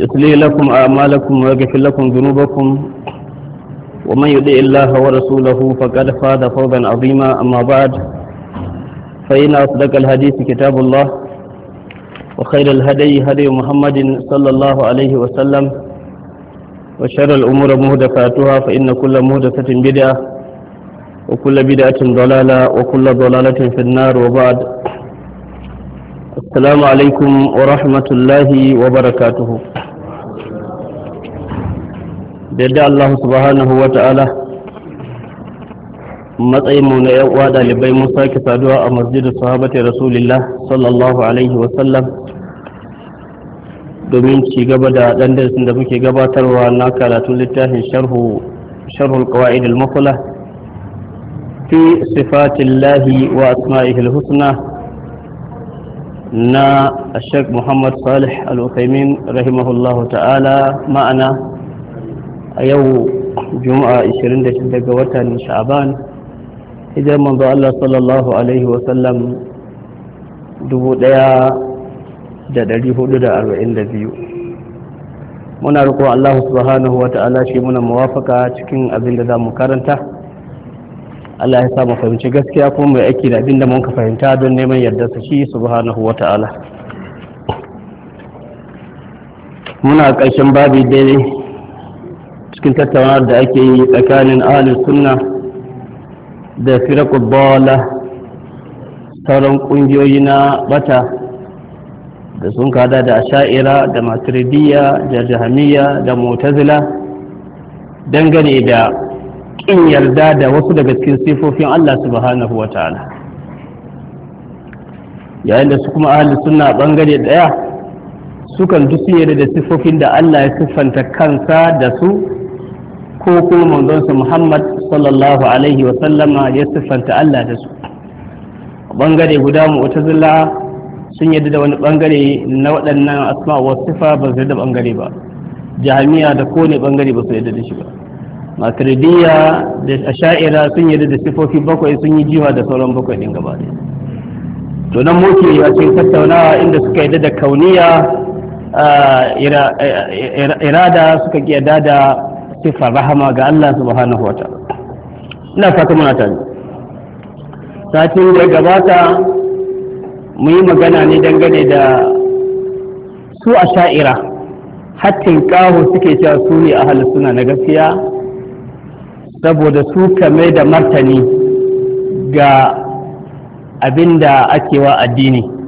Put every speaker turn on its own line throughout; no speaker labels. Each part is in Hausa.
يصلي لكم أعمالكم ويغفر لكم ذنوبكم ومن يطع الله ورسوله فقد فاز فوزا عظيما أما بعد فإن أصدق الحديث كتاب الله وخير الهدي هدي محمد صلى الله عليه وسلم وشر الأمور مهدفاتها فإن كل مهدفة بدعة وكل بدعة ضلالة وكل ضلالة في النار وبعد السلام عليكم ورحمة الله وبركاته da yadda Allah subhanahu wa ta'ala matsayin mu na uwa ɗalibai mun sake saduwa a masjidin sahabati rasulillah sallallahu alaihi sallam domin ci gaba da ɗan darasin da muke gabatarwa na karatun littafin sharhul qawaid al-mufla fi sifatillahi wa asma'ihil husna na Sheikh Muhammad Salih Al-Uthaymeen rahimahullahu ta'ala ma'ana a yau juma'a 26 ga watan sha'aban hijar manzo Allah sallallahu alaihi wasallam 1442 muna riko Allah subhanahu wa ta'ala shi muna muwafaka cikin abin da za mu karanta Allah ya sa mu fahimci gaskiya kuma mai aiki da abin da mun ka fahimta don neman yarda su shi subhanahu wa ta'ala muna ƙarshen babi dai. cikin tattaunawar da ake yi tsakanin ahalin sunna da firakun bola sauran ƙungiyoyi na bata da sun kada da asha'ira da maturidiyya da Jihamiya da mutazila dangane da ƙin yarda da wasu daga cikin sifofin allah subhanahu wa ta'ala yayin da su kuma ahalin sunna bangare ɗaya sukan dusu yadda da sifofin da allah ya siffanta kansa da su ko kuma manzonsa Muhammad sallallahu alaihi wa sallama ya siffanta Allah da su bangare guda zilla sun yadda da wani bangare na waɗannan asma wa sifa ba su yadda bangare ba jami'a da kone bangare ba su yadda da shi ba maturidiyya da asha'ira sun yadda da sifofi bakwai sun yi jiwa da sauran bakwai din gaba to nan muke a cikin tattaunawa inda suka yadda da kauniya irada suka yadda da siffar rahama ga Allah subhanahu wa ta'ala ina fata muna tare satin da gabata mu yi magana ne dangane da su a sha'ira hattin kaho suke cewa su ne a suna na gaskiya saboda su kame da martani ga abin da ake wa addini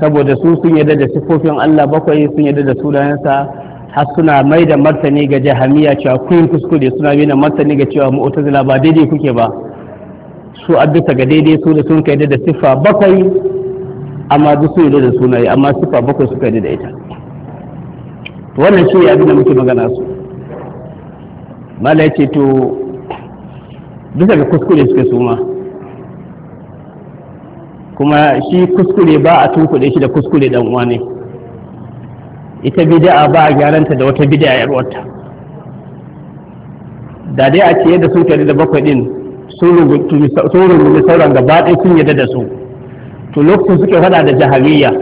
saboda su sun yarda da sifofin Allah bakwai sun yarda da sunayensa har suna mai da martani ga jahamiya cewa kun kuskure suna mai da martani ga cewa mu'tazila ba daidai kuke ba su addisa ga daidai su da sun kai da siffa bakwai amma duk sun yarda da sunaye amma siffa bakwai suka yarda da ita
wannan shi ya abin da muke magana su
mala ya ce to duka ga kuskure suke suma kuma shi kuskure ba a tunkuɗe shi da kuskure ɗan uwa ne ita bid'a ba a gyaranta da wata bid'a yar wata da dai a ce yadda sun kare da bakwai din sun rungumi sauran gaba ɗaya sun yadda da su to lokacin suke faɗa da jahariya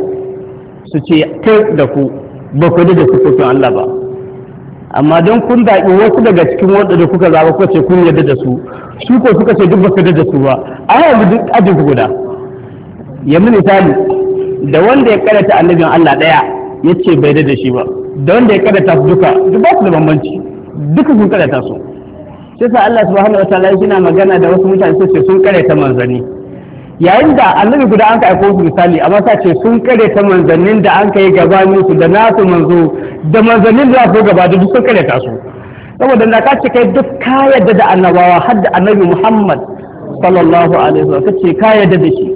su ce kai da ku ba ku da sufofin Allah ba amma don kun daƙi wasu daga cikin waɗanda kuka zaɓa kuka ce kun yadda da su su ko suka ce duk ba ku da su ba a yanzu duk ajin guda yanzu misali da wanda ya karanta annabin Allah daya ya ce bai da shi ba da wanda ya karanta su duka duk ba su da bambanci duka sun karanta su sai sa Allah subhanahu wataala yana magana da wasu mutane sai sun karanta manzanni yayin da annabi guda an ka aiko su misali amma sa ce sun karanta manzannin da an kai gabanin su da nasu manzo da manzannin da su gaba da duk sun karanta su saboda na ka ce kai duk ka yadda da annabawa har da annabi Muhammad sallallahu alaihi wasallam kace ka yadda da shi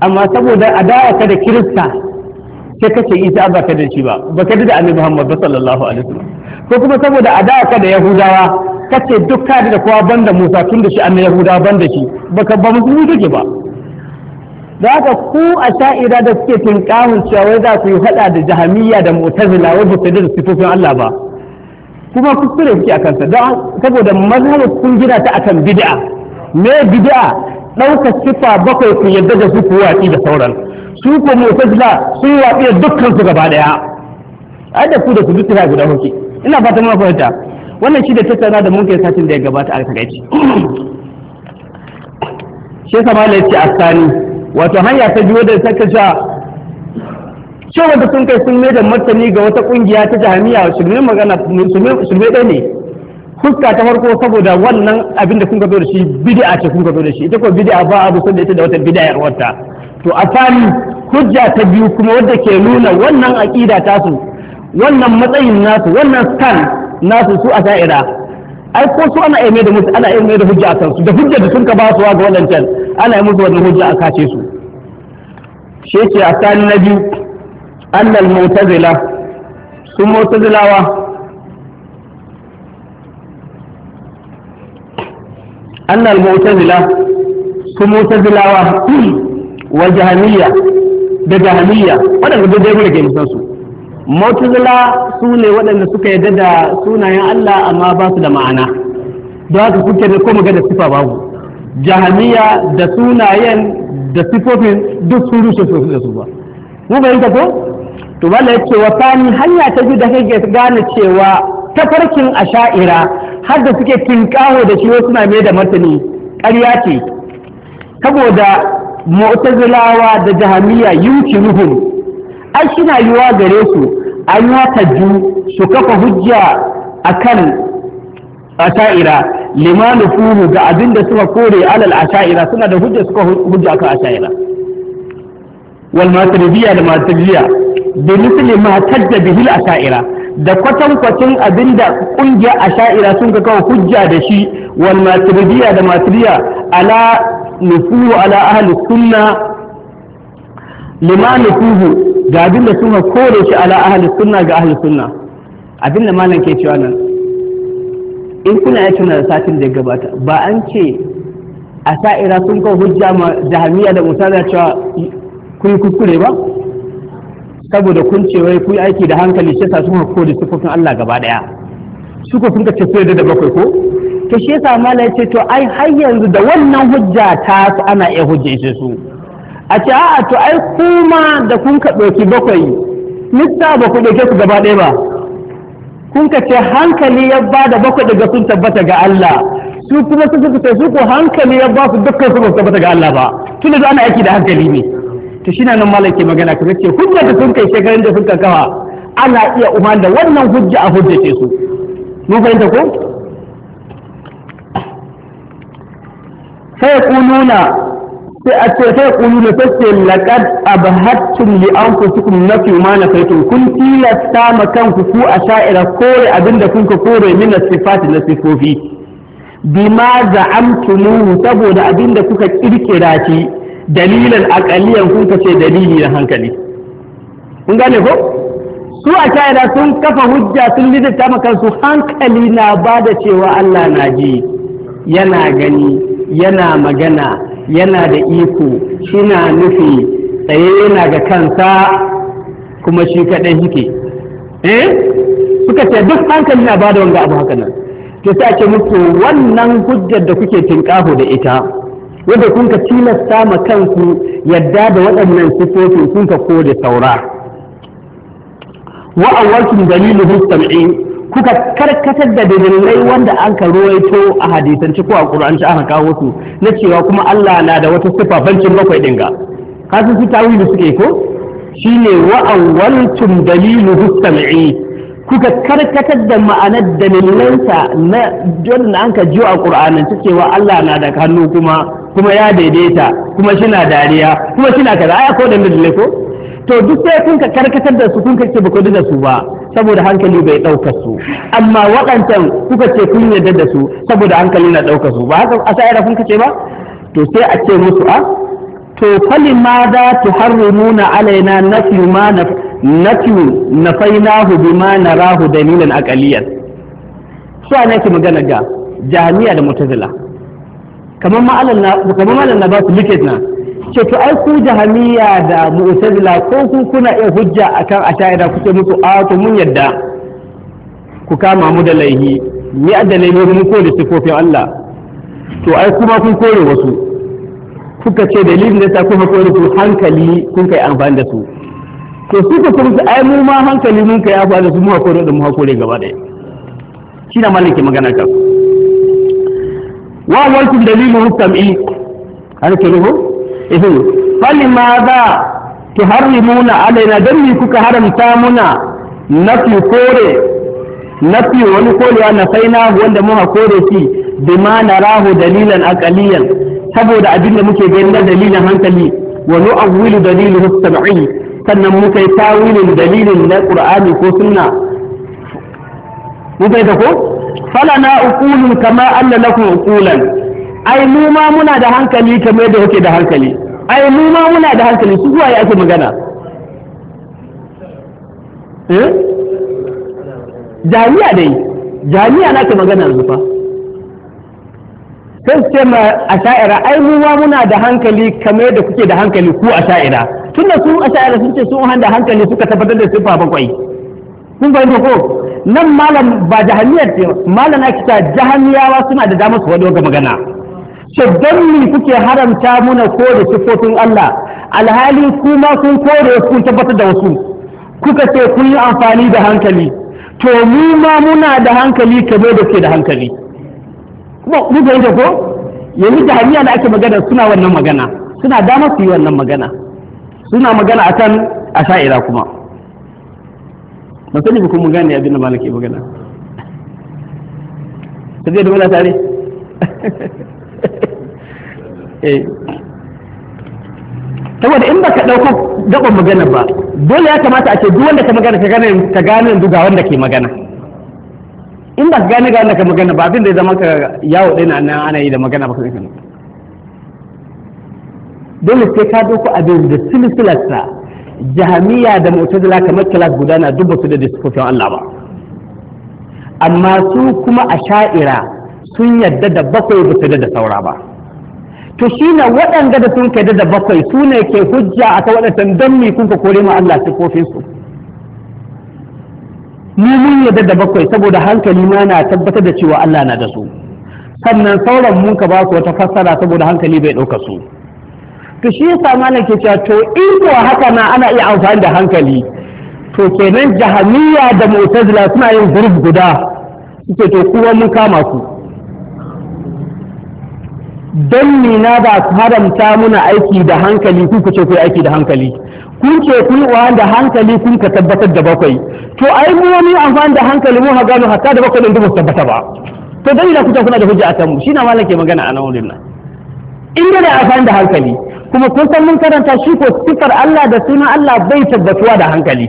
amma saboda adawa ka da kirista sai kace isa ba ka da shi ba ba ka da annabi muhammad ba sallallahu alaihi wasallam ko kuma saboda adawa ka da yahudawa kace duk ka da kowa banda musa tun da shi annabi yahudawa banda shi baka ba musulmi kake ba da haka ku a sha'ira da suke tinkahun cewa wai za ku yi hada da jahamiyya da mu'tazila wai ba da sifofin Allah ba kuma kuskure suke akan sa don saboda mazhabar sun gina ta akan bid'a me bid'a ɗaukar sifa bakwai ku yadda da su ku watsi da sauran su ko mu'tazila sun watsi da dukkan su gaba daya a da ku da su dukkan guda hoki. ina fatan mun fahimta wannan shi da tattauna da mun kai satin da ya gabata a takaici shi sama da a asani wato hanya ta biyo da ta kasha cewa da sun kai sun mai da martani ga wata kungiya ta jami'a shirme magana shirme ɗaya ne fuska ta farko saboda wannan abin da kun zo da shi bid'a ce kun zo da shi ita ko bid'a ba abu sun da ita da wata bid'a yar wata to a fani hujja ta biyu kuma wadda ke nuna wannan aqida ta su wannan matsayin nasu wannan stan nasu su a sha'ira ai ko su ana aime da musu ana aime da hujja a kansu da hujja da sun ka ba su ga can ana yi musu wannan hujja a kace su shi ce a sani na biyu annal mu'tazila sun mu'tazilawa أن المعتزلة كمعتزلة وجهمية بجهمية وأنا قد أقول لك يمسنسو معتزلة سوني وأنا سكا يدد سونا يا الله أما باس da ma'ana don haka kuke da kuma ga da sifa babu jahamiya da sunayen da sifofin duk sun rushe su da su ba mu bayyana ko to bala yake wa hanya ta biyu da kake gane cewa tafarkin asha'ira har da suke tinkaho da shi wasu na mai da martani ƙarya ce saboda mu'tazilawa da jahamiya yumkinuhum ai shina yiwa gare su an yi ju su kafa hujja akan asha'ira limanu fuhu ga abin da suka kore alal asha'ira suna da hujja suka hujja akan asha'ira wal biya da maturidiyya bi misli ma tajja bihil a asha'ira da kwatankwacin abin da ƙungiyar asha'ira sun ga kawo hujja da shi wal matribiya da matribiya ala nufuhu ala ahli sunna lima nufuhu ga abin da sun kore shi ala ahli sunna ga ahli sunna abin da malam ke cewa nan in kuna ya na da satin da ya gabata ba an ce asha'ira sun kawo hujja ma jahamiya da musala cewa kun kuskure ba saboda kun ce wai ku aiki da hankali shi yasa suka kore sifofin Allah gaba daya suka kun ce sai da bakwai ko to shi yasa mala yace to ai har yanzu da wannan hujja ta su ana iya shi su a ce a'a to ai kuma da kun ka ɗauki bakwai nista ba ku ɗauke ku gaba ɗaya ba kun ka ce hankali ya ba da bakwai daga sun tabbata ga Allah su kuma su suka ce su ko hankali ya ba su dukkan su ba su tabbata ga Allah ba tunda ana aiki da hankali ne to shi nan ke magana kamar ce hujja da sun kai shekarun da sun kawa ana iya umar da wannan hujja a hujjace su mun fahimta ko sai kununa sai a ce sai kununa sai ce laqad abhattum li anfusikum fi ma nafaitum kun tilasta ma kanku ku a sha'ira kore abinda kun ka kore min sifati na sifofi bima za'amtumuhu saboda abinda kuka kirkira shi dalilan aqaliyan kun kace ce dalili na hankali kun gane ko su a kaida sun kafa hujja sun lidda maka su hankali na bada cewa Allah na ji yana gani yana magana yana da iko shina nufi tsaye yana ga kansa kuma shi kaɗai shike eh suka ce duk hankali na bada wanga abu haka nan ke sa ce muku wannan hujjar da kuke tinkaho da ita yadda kun ka tilasta ma kanku yadda da waɗannan sifofin kun ka kore saura wa awwakin dalilu sam'i kuka karkatar da dalilai wanda an ka ruwaito a hadisance ko a qur'anci aka kawo su na cewa kuma Allah na da wata sifa bancin bakwai ga. kasu su tawili suke ko shine wa awwakin dalilu sam'i kuka karkatar da ma'anar dalilansa na da an ka jiyo a su cewa Allah na da hannu kuma kuma ya daidaita kuma shina dariya kuma shina kaza aya ko da dalilai ko to duk sai kun ka karkatar da su kun ka ce baku da su ba saboda hankali bai ɗaukar su amma waɗancan kuka ce kun yarda da su saboda hankali na ɗaukar su ba haka asa'ira kun ka ce ba to sai a ce musu a ah, to fali ma za tu harrumuna alaina nafi ma nafi natu nafainahu bima narahu dalilan aqaliyan su ana ki magana ga jami'a da mu'tazila kamar malam na kamar malam na ba su liket na ce to ai ku jahamiya da mu'tazila ko ku kuna iya hujja akan asha'ira kuke musu a to mun yadda ku kama mu da laihi ni adda laihi mun kore sifofin Allah to ai kuma kun kore wasu kuka ce dalilin da ta kuma kore ku hankali kun kai amfani da su to ka kuma ai mu ma hankali mun ka ya faru su mu hakuri da mu hakuri gaba ɗaya. shi na mallake magana ka. wa kun dalilu hukami har ke ruhu ihu eh, fali ma za tuharrimuna alaina dan ni kuka haramta muna nafi kore nafi wani korewa na na wanda mu hakuri shi ma na rahu dalilan aqaliyan saboda abinda muke gani na dalilin hankali wa nu'awwilu dalilu hukami sannan muka yi tawilin dalilin na qur'ani ko sunna muka yi ta ko na uqulun kama anna lakum uqulan ai mu ma muna da hankali kamar yadda kuke da hankali ai mu ma muna da hankali su zuwa ake magana eh jami'a dai jami'a na ke magana da fa sai su ce ma a sha'ira ai mu ma muna da hankali kamar yadda kuke da hankali ku a sha'ira tunda su asha'ira sun ce sun handa hankali suka tabbatar da sifa bakwai kun fahimta ko nan malam ba jahamiyar ce malam ake ta jahamiyawa suna da damar su wadda ga magana so don mu kuke haramta muna ko da sifofin Allah alhali kuma kun kore kun tabbatar da wasu kuka ce kun yi amfani da hankali to mu ma muna da hankali kamar da ke da hankali kuma mu fahimta ko yanzu jahamiya da ake magana suna wannan magana suna damar su yi wannan magana suna magana akan sha'ira kuma ba sani ba kuma gane abin da malik ya magana sai da muna tare eh saboda in baka ɗauko gaban magana ba dole ya kamata a ce duk wanda ka magana ka gane ka gane duga wanda ke magana in ba ka gane ga wanda ka magana ba abin da ya zama ka yawo ɗaya na ana yi da magana ba ka zai dole sai ka doku abin da silsilarsa jahamiya da mu'tazila kamar kilas guda na duk su da disfofin Allah ba amma su kuma a sha'ira sun yadda da bakwai ba su da saura ba to shi ne waɗanda da sun kaida da bakwai su ne ke hujja a ta waɗannan don mi kun ka kore mu Allah sifofin su mu mun yadda da bakwai saboda hankali ma na tabbatar da cewa Allah na da su sannan sauran mun ka ba su wata fassara saboda hankali bai ɗauka su Ka shi yasa malam ke cewa to in ko haka na ana iya amfani da hankali to kenan jahamiya da mu'tazila suna yin gurb guda suke to kuwa mun kama ku don ni na ba haramta muna aiki da hankali ku ku ce ku aiki da hankali kun ce ku wa da hankali kun ka tabbatar da bakwai to ai mu wani amfani da hankali mu ha gano hatta da bakwai din ba tabbata ba to ina da kuta kuna da hujja a kan mu shi na malam ke magana a nan wurin nan in da amfani da hankali kuma kun san mun karanta shi ko sifar Allah da suna Allah bai tabbatuwa da hankali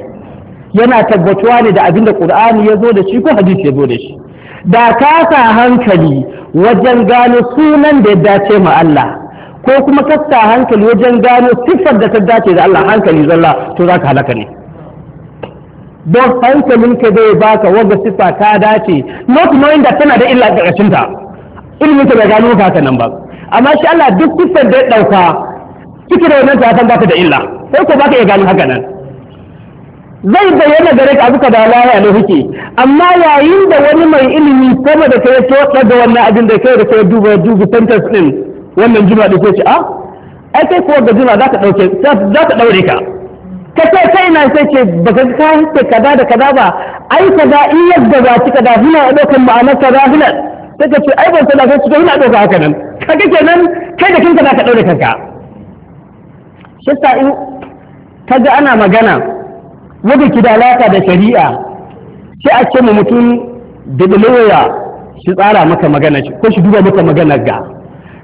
yana tabbatuwa ne da abinda Qur'ani ya zo da shi ko hadisi ya zo da shi da ka sa hankali wajen gano sunan da ya dace ma Allah ko kuma ka sa hankali wajen gano sifar da ta dace da Allah hankali zalla to zaka halaka ne don hankalinka zai baka wanda sifa ta dace not kuma inda tana da illa ga ta ilmin ka bai gano ka nan ba amma shi Allah duk sifar da ya ɗauka ciki da wannan ta ba ta da illa sai ko baka iya gani haka nan zai bayyana gare ka abuka da laya ne huke amma yayin da wani mai ilimi sama da kai to da wannan abin da kai da kai duba duba sentence din wannan juma da sai ce a ah, ai kai ko da juma za ka dauke za daure ka ka sai kai na sai ce baka ka huke kaza da kaza ba ai kaza in yadda za ki kaza hina daukan ma'anar kaza hina sai ka ce ai ban sanar sai ki hina dauka haka nan kaga kenan kai da kinka za ka daure kanka shi sa in kaga ana magana wadda ki da alaka da shari'a sai a ce ma mutum da lawyer shi tsara maka magana ko shi duba maka magana ga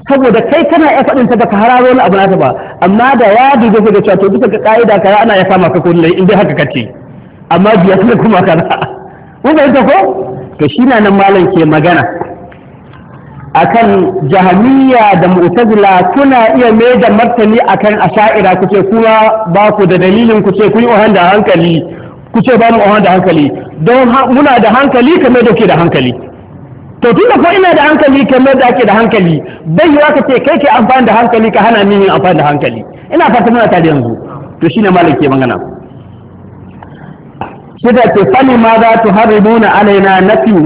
saboda kai kana ya faɗin ta baka hararo wani abu ba amma da ya duba ga cewa to bisa ga ka'ida kaza ana ya sama ka kullai in dai haka kace amma biya kuma kana mun fahimta ko to shi na nan malam ke magana akan jahamiya da mu'tazila kuna iya mai da martani akan asha'ira kuce kuma ba ku da dalilin kuce kun yi ohan da hankali kuce ba mu ohan da hankali don muna da hankali kamar da ke da hankali to tun da ko ina da hankali kamar da ake da hankali bai yi waka ce kai ke amfani da hankali ka hana ni yin amfani da hankali ina fata muna tare yanzu to shine malam ke magana da ce fani ma za tu haribuna alaina nafi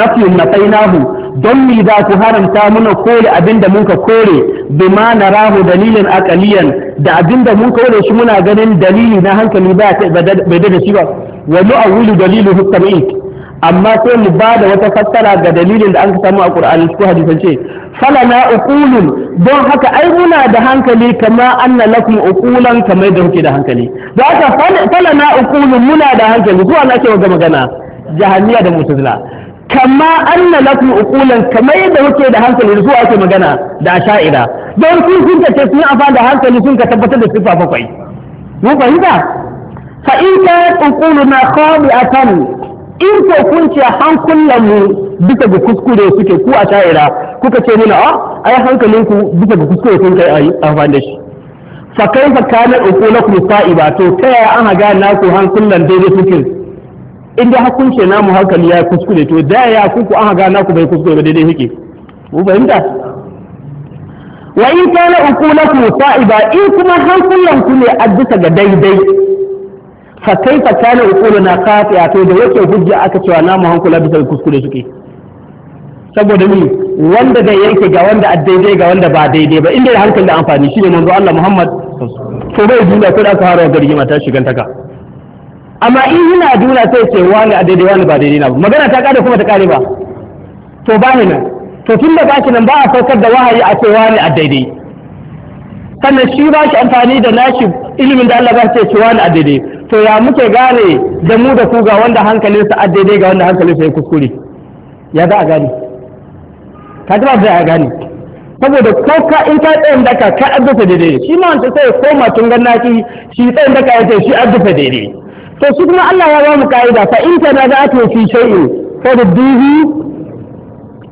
nafi tainahu. don mi za ku haramta muna kore abinda mun ka kore bima na rahu dalilin akaliyan da abinda mun kore shi muna ganin dalili na hankali ba bai da shi ba wani awulu dalilu hukami amma sai mu ba da wata fassara ga dalilin da an samu a Qur'ani ko hadisan ce falana uqulun don haka ai muna da hankali kama anna lakum uqulan kamar da kuke da hankali don haka falana uqulun muna da hankali ko Allah ke wa magana jahaniya da mutazila kama anna lafi ukulan kamar yadda muke da hankali da su ake magana da sha'ida don sun kun ce sun afa da hankali sun ka tabbatar da sifa bakwai mun fahimta fa in ka khabi atan in ko kun ce hankulan mu bisa ga kuskure suke ku a asha'ira kuka ce mana a ah, ai hankalin ku bisa ga kuskure sun kai amfani da shi fa kai fa kana uqulakum sa'iba to ta yaya ga na naku hankulan daidai suke in dai hakunce namu hankali ya kuskure to da ya kuku aka haga naku bai kuskure ba daidai hike mu fahimta wa in kana uqulakum sa'iba in kuma hankulan ku ne a bisa ga daidai fa kaifa kana uquluna qati'a to da yake hujja aka cewa namu hankula bisa ga kuskure suke saboda ni wanda da yake ga wanda a daidai ga wanda ba daidai ba inda hankali da amfani shine manzo Allah Muhammad to bai jinda ko da aka haro gargima ta ka. amma in yana duna sai ce wani a daidai wani ba daidai na ba magana ta kare kuma ta kare ba to ba ni nan to tun da baki nan ba a saukar da wahayi a ce wani a daidai sannan shi ba shi amfani da nashi ilimin da Allah ba ce ce wani a daidai to ya muke gane da mu da ku ga wanda hankalinsa a daidai ga wanda hankalinsa ya kuskure ya za a gane ka ji ba za a gane saboda ko ka in ka tsayin daka ka addufa daidai shi ma wancan sai koma tun naki shi tsayin daka ya ce shi addufa daidai to su kuma Allah ya ba mu ka'ida fa in kana da ake fi shay'in fa duhu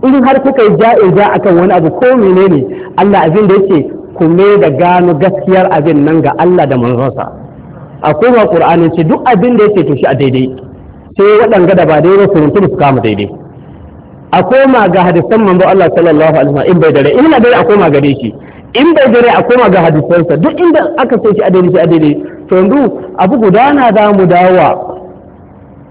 in har kuka yi ja akan wani abu ko menene Allah abin da yake me da gano gaskiyar abin nan ga Allah da manzonsa a kuma Qur'ani ce duk abin da yake to shi a daidai sai waɗanga da ba daidai su runtu su kama daidai a koma ga hadisan manzo Allah sallallahu alaihi wasallam in bai dare in na dare a koma gare shi in bai dare a koma ga hadisansa duk inda aka so shi a daidai shi a daidai to yanzu abu gudana za mu dawa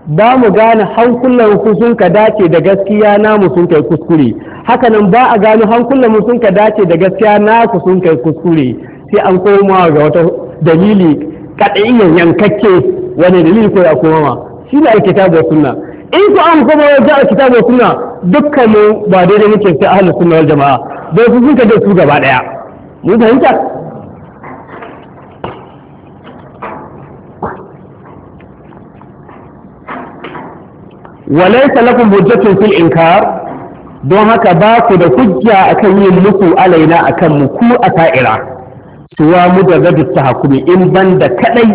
ba mu gane hankulan ku sun ka dace da gaskiya namu sun kai kuskure hakanan ba a gano hankulan mu sun ka dace da gaskiya naku sun kai kuskure sai an koma ga wata dalili kadaiyan yankakke wani dalili ko ya koma ma shi ne alkitabu sunna in ku an koma wajen alkitabu sunna dukkan mu ba daidai muke sai ahlus sunna wal jamaa ba su sun ka da su gaba daya mun fahimta walaysa lakum hujjatun fil inkar don haka ba ku da hujja akan yin muku alaina akan mu ku a ta'ira suwa mu da gadu ta hakumi in ban da kadai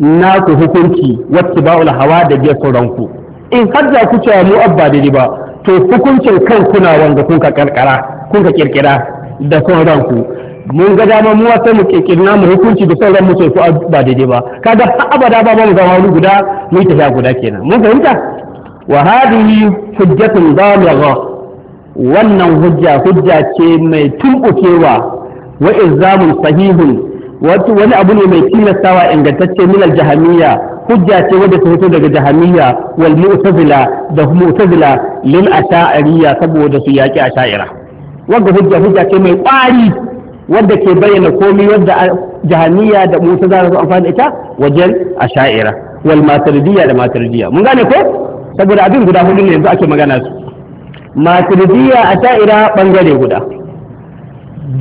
na ku hukunci wacce ba'ul hawa da biyar sauranku in har za ku mu abba da ba to hukuncin kan kuna wanda kun kirkira da sauranku mun ga dama mu sai mu kirkirna mu hukunci da sauran mu sai ku ba daidai ba kaga abada ba mu zama wani guda mu ta guda kenan mun fahimta wa hadhihi hujjatun baligha wannan hujja hujja ce mai tumbukewa wa sahihun wani abu ne mai tilastawa ingantacce min al-jahamiyya hujja ce wadda ta fito daga jahamiyya wal mu'tazila da mu'tazila lil asha'iriyya saboda su yaki asha'ira wanda hujja hujja ce mai kwari wadda ke bayyana komai wadda jahamiyya da mu'tazila su amfani ita wajen asha'ira wal maturidiyya da maturidiyya mun gane ko saboda abin guda hudu ne yanzu ake magana su maturidiyya a sha'ira bangare guda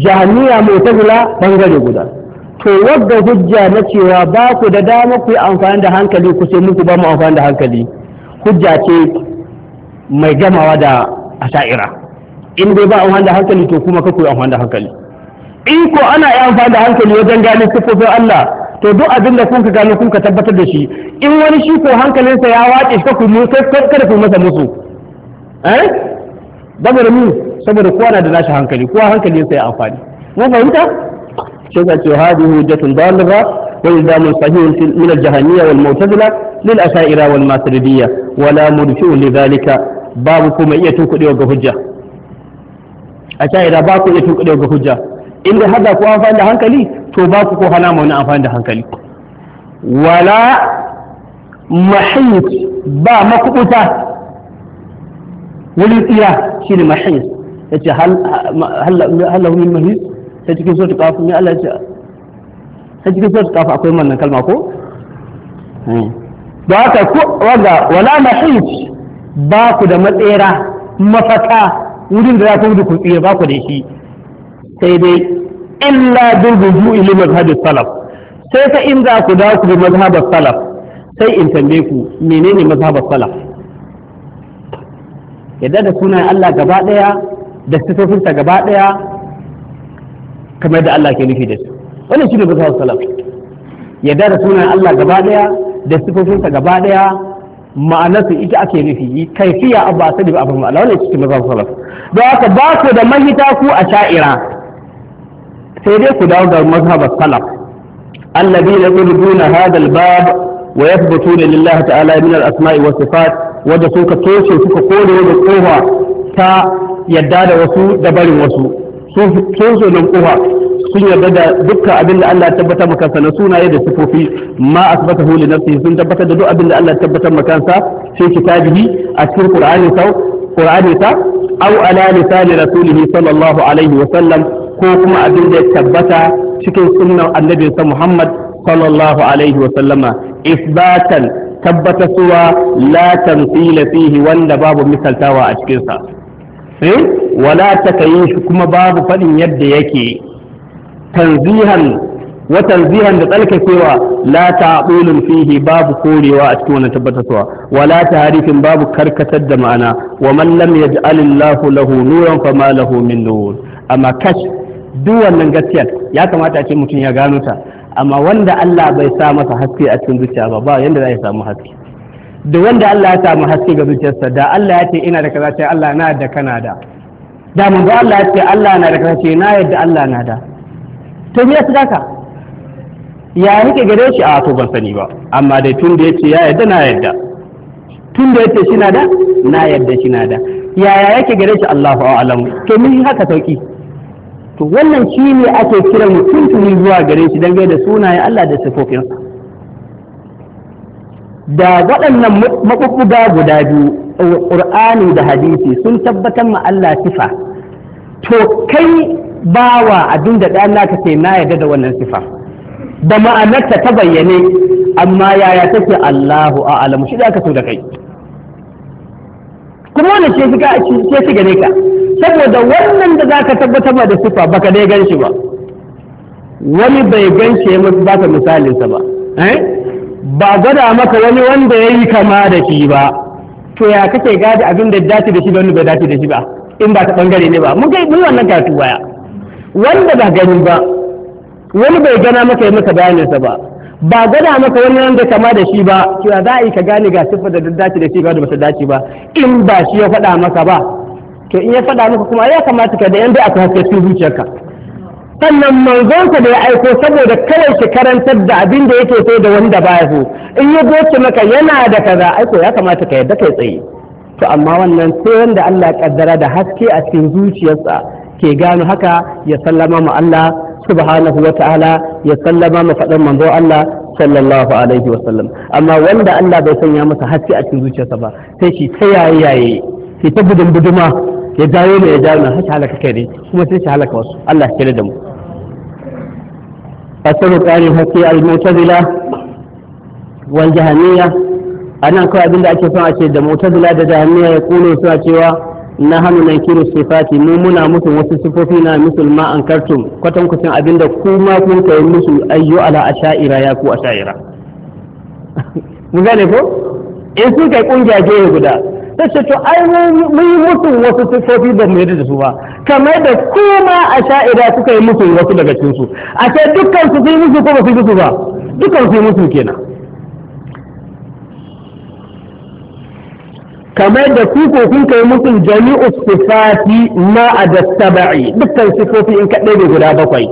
jami'a mutazila bangare guda to wadda hujja na cewa ba ku da dama ku yi amfani da hankali ku sai muku ba mu amfani da hankali hujja ce mai gamawa da asha'ira in dai ba amfani da hankali to kuma ka ku yi amfani da hankali in ko ana yi amfani da hankali wajen gane sifofin Allah to duk abin da kun ka gano kun ka tabbatar da shi in wani shi ko hankalinsa ya wace shi ku kada ku masa musu eh saboda mu saboda kowa na da nashi hankali kowa hankalinsa ya amfani mun fahimta shi ka ce hadihi hujjatun dalila والزام صحيح من الجهمية والمعتزلة للأشاعرة والماتريدية ولا مرجع لذلك باب كما يتوكل يوغ حجة iya tun يتوكل يوغ hujja. in da haza ku amfani da hankali to ba ku ko hana wani amfani da hankali wala mahis ba makubuta wurin tsira shi shine mahis yace hal hal min mahis sai cikin sura kafu ne Allah ya sai cikin sura kafu akwai wannan kalma ko Ba hmm. haka ku wanda wala mahis ba ku da matsera mafaka wurin da za ku gudu ku tsira ba ku da shi sai dai illa bil ruju'i li madhhab salaf sai fa in za ku dawo ku bi madhhab salaf sai in tambaye ku menene madhhab salaf yadda da sunan Allah gaba daya da sifofinsa gaba daya kamar da Allah ke nufi da su wannan shi ne mazhab salaf yadda da sunan Allah gaba daya da sifofinsa gaba daya su ita ake nufi kaifiya abu a sani ba abin fahimta Allah wannan shi ne mazhab salaf don haka ba ku da mahita ku a sha'ira sai dai ku dawo ga mazhabar salaf alladina yurduna hada albab wa yathbutuna lillahi ta'ala min al-asma'i wa sifat wanda suka toshe suka kore da kofa ta yadda da wasu da barin wasu sun so nan kofa sun yarda da dukkan abin da Allah ya tabbatar maka sana sunaye da sifofi ma asbata hu li nafsihi sun tabbatar da duk abin da Allah ya tabbatar maka sa fi kitabihi a cikin Qur'ani sa Qur'ani ta aw ala lisani rasulihi sallallahu alaihi wa sallam ko kuma abin da ya tabbata cikin sunnan annabinsa Muhammad sallallahu alaihi wa sallama isbatan tabbata suwa la tamthila fihi wanda babu misaltawa a cikin sa eh wala takayin kuma babu fadin yadda yake tanzihan wa tanzihan da tsalkakewa la ta'dulun fihi babu korewa a cikin wannan tabbatarwa wala taharifin babu karkatar da ma'ana wa man lam yaj'al lahu nuran fama lahu min nur amma kash duk wannan gaskiya ya kamata ce mutum ya gano ta amma wanda Allah bai sa masa haske a cikin zuciya ba ba yanda za ya samu haske da wanda Allah ya samu haske ga zuciyarsa da Allah ya ce ina da kaza ce Allah na da kana da da mun Allah ya ce Allah na da kaza ce na yadda Allah na da to me yasa haka ya nike gare shi a to ban sani ba amma dai tun da yace ya yadda na yadda tun da yace shi na da na yadda shi na da yaya yake gare shi Allahu a'lamu to mun haka sauki to wannan shi ne ake kira mutum tuni zuwa gare shi dangane da sunayen Allah da sifofinsa da waɗannan maɓuɓɓuga guda biyu ƙur'ani da hadisi sun tabbatar ma Allah sifa to kai bawa abin da ɗan naka sai na yarda da wannan sifa da ma'anarta ta bayyane amma yaya take Allahu alamu shi da aka so da kai kuma wani ce shi gane ka saboda wannan da za ka tabbatar da sifa baka dai gan shi ba wani bai gan shi ya mutu baka misalinsa ba eh? ba gwada maka wani wanda ya yi kama da shi ba to ya kake gadi abin da dace da shi ba wani bai dace da shi ba in ba ta bangare ne ba mun kai mun wannan karatu baya wanda ba gani ba wani bai gana maka ya maka bayaninsa ba ba gwada maka wani wanda kama da shi ba to ya za a yi ka gane ga siffar da dace da shi ba da ba ta dace ba in ba shi ya faɗa maka ba to in ya faɗa muku kuma ya kamata ka da yan aka ku haske cikin zuciyarka sannan manzonsa da ya aiko saboda kawai shi karantar da abin da yake so da wanda ba ya so in ya goce maka yana da kaza aiko ya kamata ka yadda kai tsaye to amma wannan sai wanda Allah ya kaddara da haske a cikin zuciyarsa ke gano haka ya sallama mu Allah subhanahu wa ta'ala ya sallama mu faɗin manzo Allah sallallahu alaihi wa sallam amma wanda Allah bai sanya masa haske a cikin zuciyarsa ba sai shi ta yaye yaye sai ta gudun guduma ya dawo ne ya dawo na haka halaka kai ne kuma sai shi halaka wasu Allah ya da mu fasaru ƙarin haske al-mu'tazila wal jahamiyya anan kawai abinda ake son a ce da mu'tazila da jahmiya ya su suna cewa na hannu nan kiru sifati mu muna musu wasu sifofi na musulma an kartum kwatan kusin abinda ku ma kun kai musu ayyu ala asha'ira ya ku asha'ira mu gane ko in sun kai kungiya gehe guda ta ce to ai mun yi musu wasu sifofi da mu da su ba kamar da kuma a sha'ira suka yi musu wasu daga cikin a ce dukkan su yi musu ko ba su yi musu ba dukkan su yi musu kenan kamar da ku ko kun kai musu jami'u sifati ma adattaba'i dukkan sifofi in kaɗai ne guda bakwai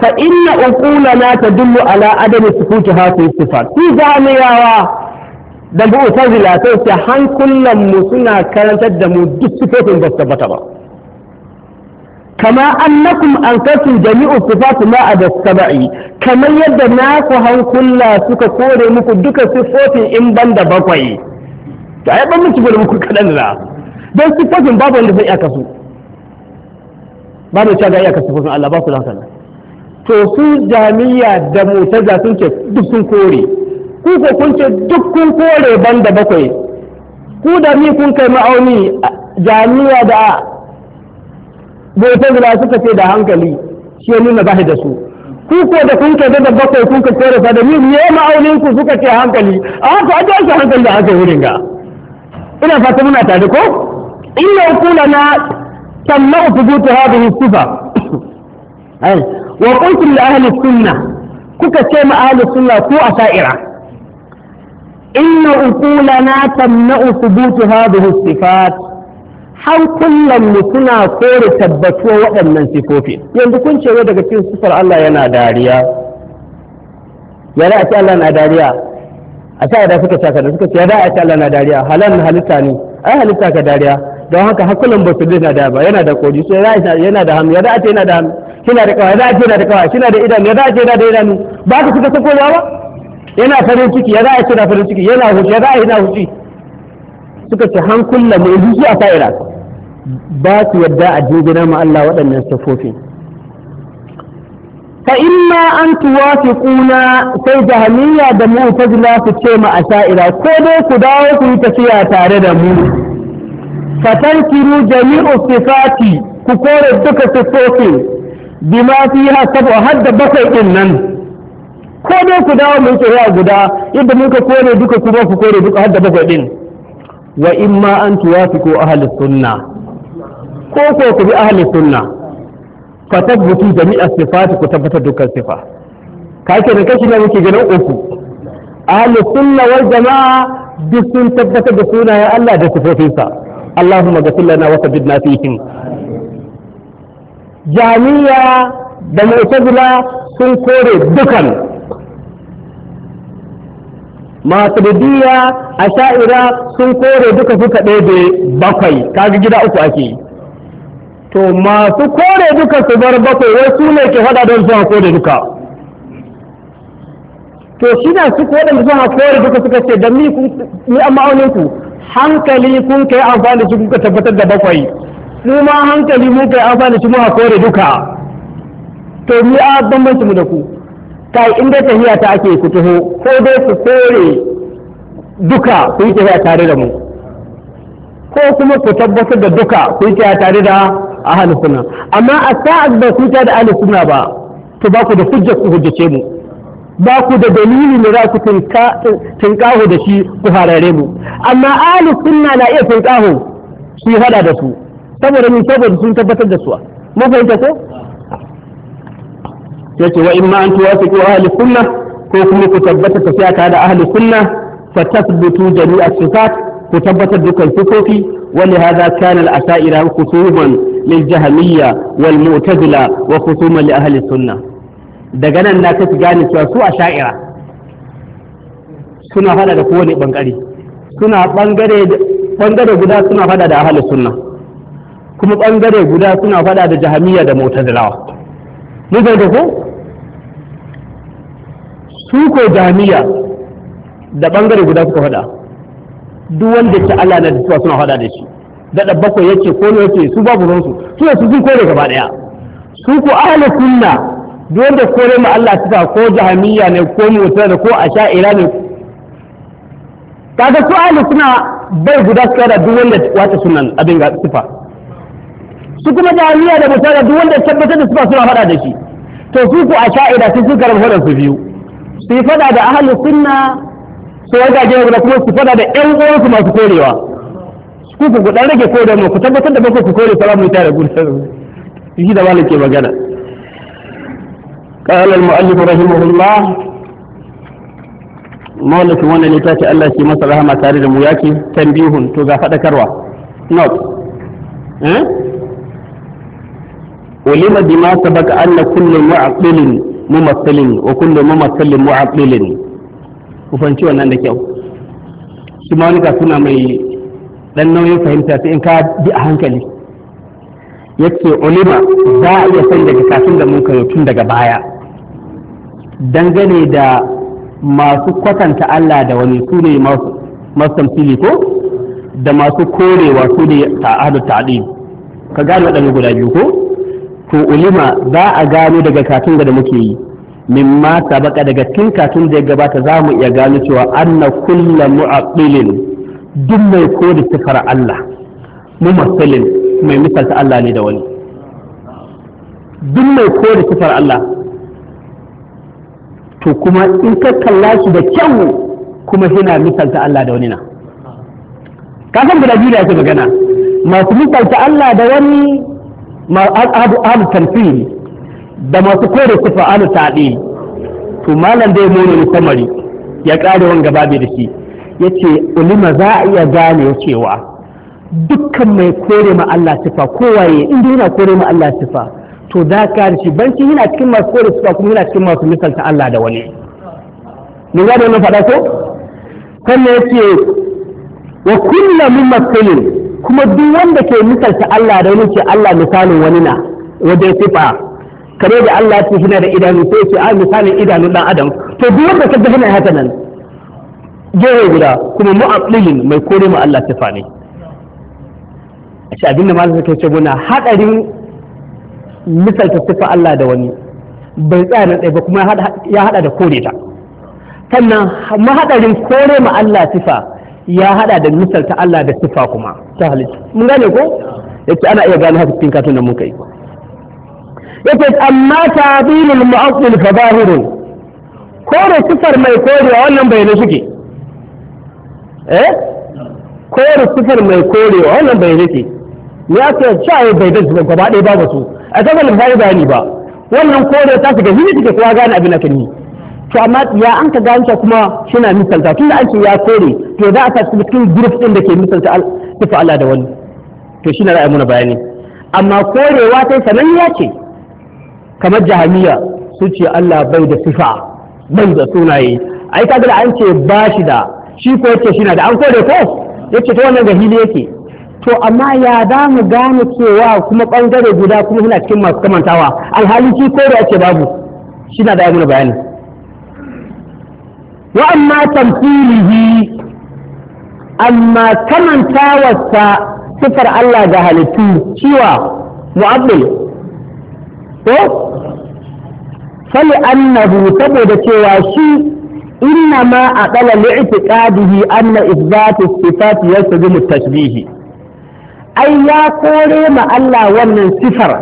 Fa فإن عقولنا تدل على عدم سقوطها في الصفات في زعمياوا da mu'tazila sai ce hankulan mu suna karantar da mu duk sifofin da su bata ba kama annakum ankatum jami'u sifatu ma ada sab'i kamar yadda naku hankula suka kore muku duka sifofin in ban da bakwai to ai ban muku gudu muku kadan da dan sifofin babu wanda zai iyaka kasu. babu cewa ga kasu sifofin Allah ba su da hankali to su jami'a da mutaza sun ce duk sun kore ku ko kun ce duk kun kore banda bakwai ku da ni kun kai ma'auni jami'a da bautar da suka ce da hankali shi ya nuna bahi da su ku ko da kun kai da bakwai kun ka kore fa da ni ne ma'aunin ku suka ce hankali a haka a shi hankali da haka wurin ga ina fata muna tare ko illa kula na tamma ubutu hadhihi sifa ai wa qultu li ahli sunnah kuka ce ma ahli sunna ku asaira inna uqulana تمنع ثبوت هذه الصفات هل كل mu suna kore tabbatuwa waɗannan sifofi yanzu kun ce daga cikin sifar Allah yana dariya ya ake Allah na dariya a sa suka da suka ce ya ake Allah na dariya halan halitta ne ai halitta ka dariya don haka hakulan ba su dina da ba yana da kodi so yana da yana da da kawai ya da yana da kawai kina da idanu ya da yana da idanu ba ka suka ba yana farin ciki ya za a kira farin ciki yana huci ya za a yana huci suka ce han kulla mai huci a sa'ira ba su yadda a jingina ma Allah waɗannan sufofin fa imma an su tuwafiquna sai jahmiya da mu mu'tazila su ce ma a sa'ira ko dai ku dawo ku yi tafiya tare da mu fatankiru jami'u sifati ku kore duka sufofin bima fiha sab'a hadda bakwai din nan ko ne ku dawo mu shari'a guda inda mun ka kore duka kuma ku kore duka har da bakwai din wa ma an tuwafiqu ahli sunna ko ko ku bi ahli sunna fa tabbutu jami'a sifati ku tabbata dukkan sifa ka ce da kashi ne muke ganin uku ahli sunna wal jama'a duk sun tabbata da sunayen Allah da sifofinsa Allahumma ghfir lana wa sabidna fihim jami'a da mu'tazila sun kore dukan Masu maturidiyya a sha'ira sun kore duka suka ɗebe bakwai kaga gida uku ake to masu kore duka su bar bakwai wai su ne ke faɗa don zuwa kore duka to shi na su kore da zuwa kore duka suka ce da ni a ma'auninku hankali kun kai amfani da shi kuka tabbatar da bakwai su ma hankali mun kai amfani da shi muka kore duka to ni a bambanci mu da ku kai inda dai tafiya ta ake ku taho ko dai su kore duka ku yi tafiya tare da mu ko kuma ku tabbatar da duka ku yi tafiya tare da ahli sunna amma a sa'ad da ku da ahli sunna ba to ba ku da hujja ku hujjace mu ba ku da dalili ne za ku tunkaho da shi ku harare mu amma ahli sunna na iya tunkaho su hada da su saboda mun saboda sun tabbatar da su mun fahimta ko yace wa imma an tuwafiqu ahli sunnah ko kuma ku tabbata tafiya ta da ahli sunnah fa tathbutu jami'a sifat ku tabbatar dukkan sifofi ولهذا كان الأشاعرة خصوما للجهمية والمعتزلة وخصوما لأهل السنة دغنا لا تسجاني cewa su asha'ira suna hada da kowane bangare suna bangare bangare guda suna hada da ahlus sunna kuma bangare guda suna hada da jahamiyya da mu'tazilawa mun ga ko su ko jami'a da bangare guda suka faɗa duk wanda ke Allah na da suna faɗa da shi da bakwai yake ko ne yake su babu ransu su ne su sun kore gaba daya su ko ahlus sunna duk wanda kore ma Allah suka ko jahamiya ne ko mutar da ko asha'ira ne kaga su ahlus sunna bai guda suka da duk wanda wata sunnan abin ga sifa su kuma jahamiya da mutar duk wanda tabbatar da sifa suna faɗa da shi to su ko asha'ira sai su karɓi su biyu su yi fada da ahalin sunna su wajaje guda kuma su fada da ƴan uwansu masu korewa ku ku dan rage ko da mu ku tabbatar da bako ku kore salamu ta da gudu yi da malike magana قال المؤلف رحمه الله mawallafin wannan ne ta ce Allah shi masa rahama tare da mu yake tambihun to ga faɗakarwa not eh ولما bima سبق anna كل معقل ممثل وكل ممثل معقل mu'aqilin ku fanci wannan da kyau su suna mai dan nauyin fahimta sai in ka bi a hankali yace ulima za a iya san daga kafin da mun tun daga baya dangane da masu kwatanta Allah da wani su ne masu tamfili ko da masu korewa su ne ta'adu ka gane waɗannan guda biyu ko to ulima za a gano daga katun da muke yi mimma sabaka daga tun katun da ya gabata za mu iya gano cewa anna kulla mu'aqqilin duk mai kodi sifar Allah masalin mai misalta Allah ne da wani duk mai kodi sifar Allah to kuma in ka kalla shi da kyau kuma yana misalta Allah da wani na kasan guda biyu da yake magana masu misalta Allah da wani ahlu tanfir da masu kore sifa ahlu ta'dil to malam dai ya mono ni samari ya kare wani gaba da shi yace ulima za a iya gane cewa dukkan mai kore ma Allah sifa kowaye inda yana kore ma Allah sifa to za ka da shi banci yana cikin masu kore sufa kuma yana cikin masu misalta Allah da wani mun gane wannan faɗa ko sannan yace wa kullu mumassilin kuma duk wanda ke misalta Allah da wani ce Allah misalin wani na wajen sifa kare da Allah ce shi da idanu sai ce a misalin idanun dan adam to duk wanda kaga yana haka nan gehe guda kuma mu'aqlilin mai kore mu Allah sifa ne a ce abinda ma suka ce muna hadarin misalta sifa Allah da wani bai tsaya na ba kuma ya hada da kore ta sannan mahadarin kore ma Allah sifa ya hada da misalta Allah da sifa kuma ta halitta mun gane ko yace ana iya gane haka cikin katun da mun kai yace amma ta'dilul mu'assil fa ko da sifar mai kore wannan bayyane suke eh da sifar mai kore wannan bayyane suke ya ce cewa bai da zuwa gaba ɗaya babu su a saboda bai gani ba wannan kore ta shiga hini take kowa gane abin da kan yi to amma ya an ka ganta kuma suna misalta tunda an ce ya kore to za a tafi cikin group din da ke misalta tafi Allah da wani to shi na ra'ayi muna bayani amma korewa sai sananniya ce kamar jahamiya su ce Allah bai da sifa bai da sunaye ai kaga da an ce ba shi da shi ko yace shi na da an kore ko yace to wannan gahili yake to amma ya da mu gane cewa kuma bangare guda kuma suna cikin masu kamantawa alhali shi kore yace babu shi na da muna bayani wa amma tamthilihi amma kamantawarsa sifar Allah da halittu cewa mu'abbil ko fali annahu saboda cewa shi inna ma a ɗala li'itiqadihi anna isbatu sifat yasdumu tashbihi ai ya kore ma Allah wannan sifar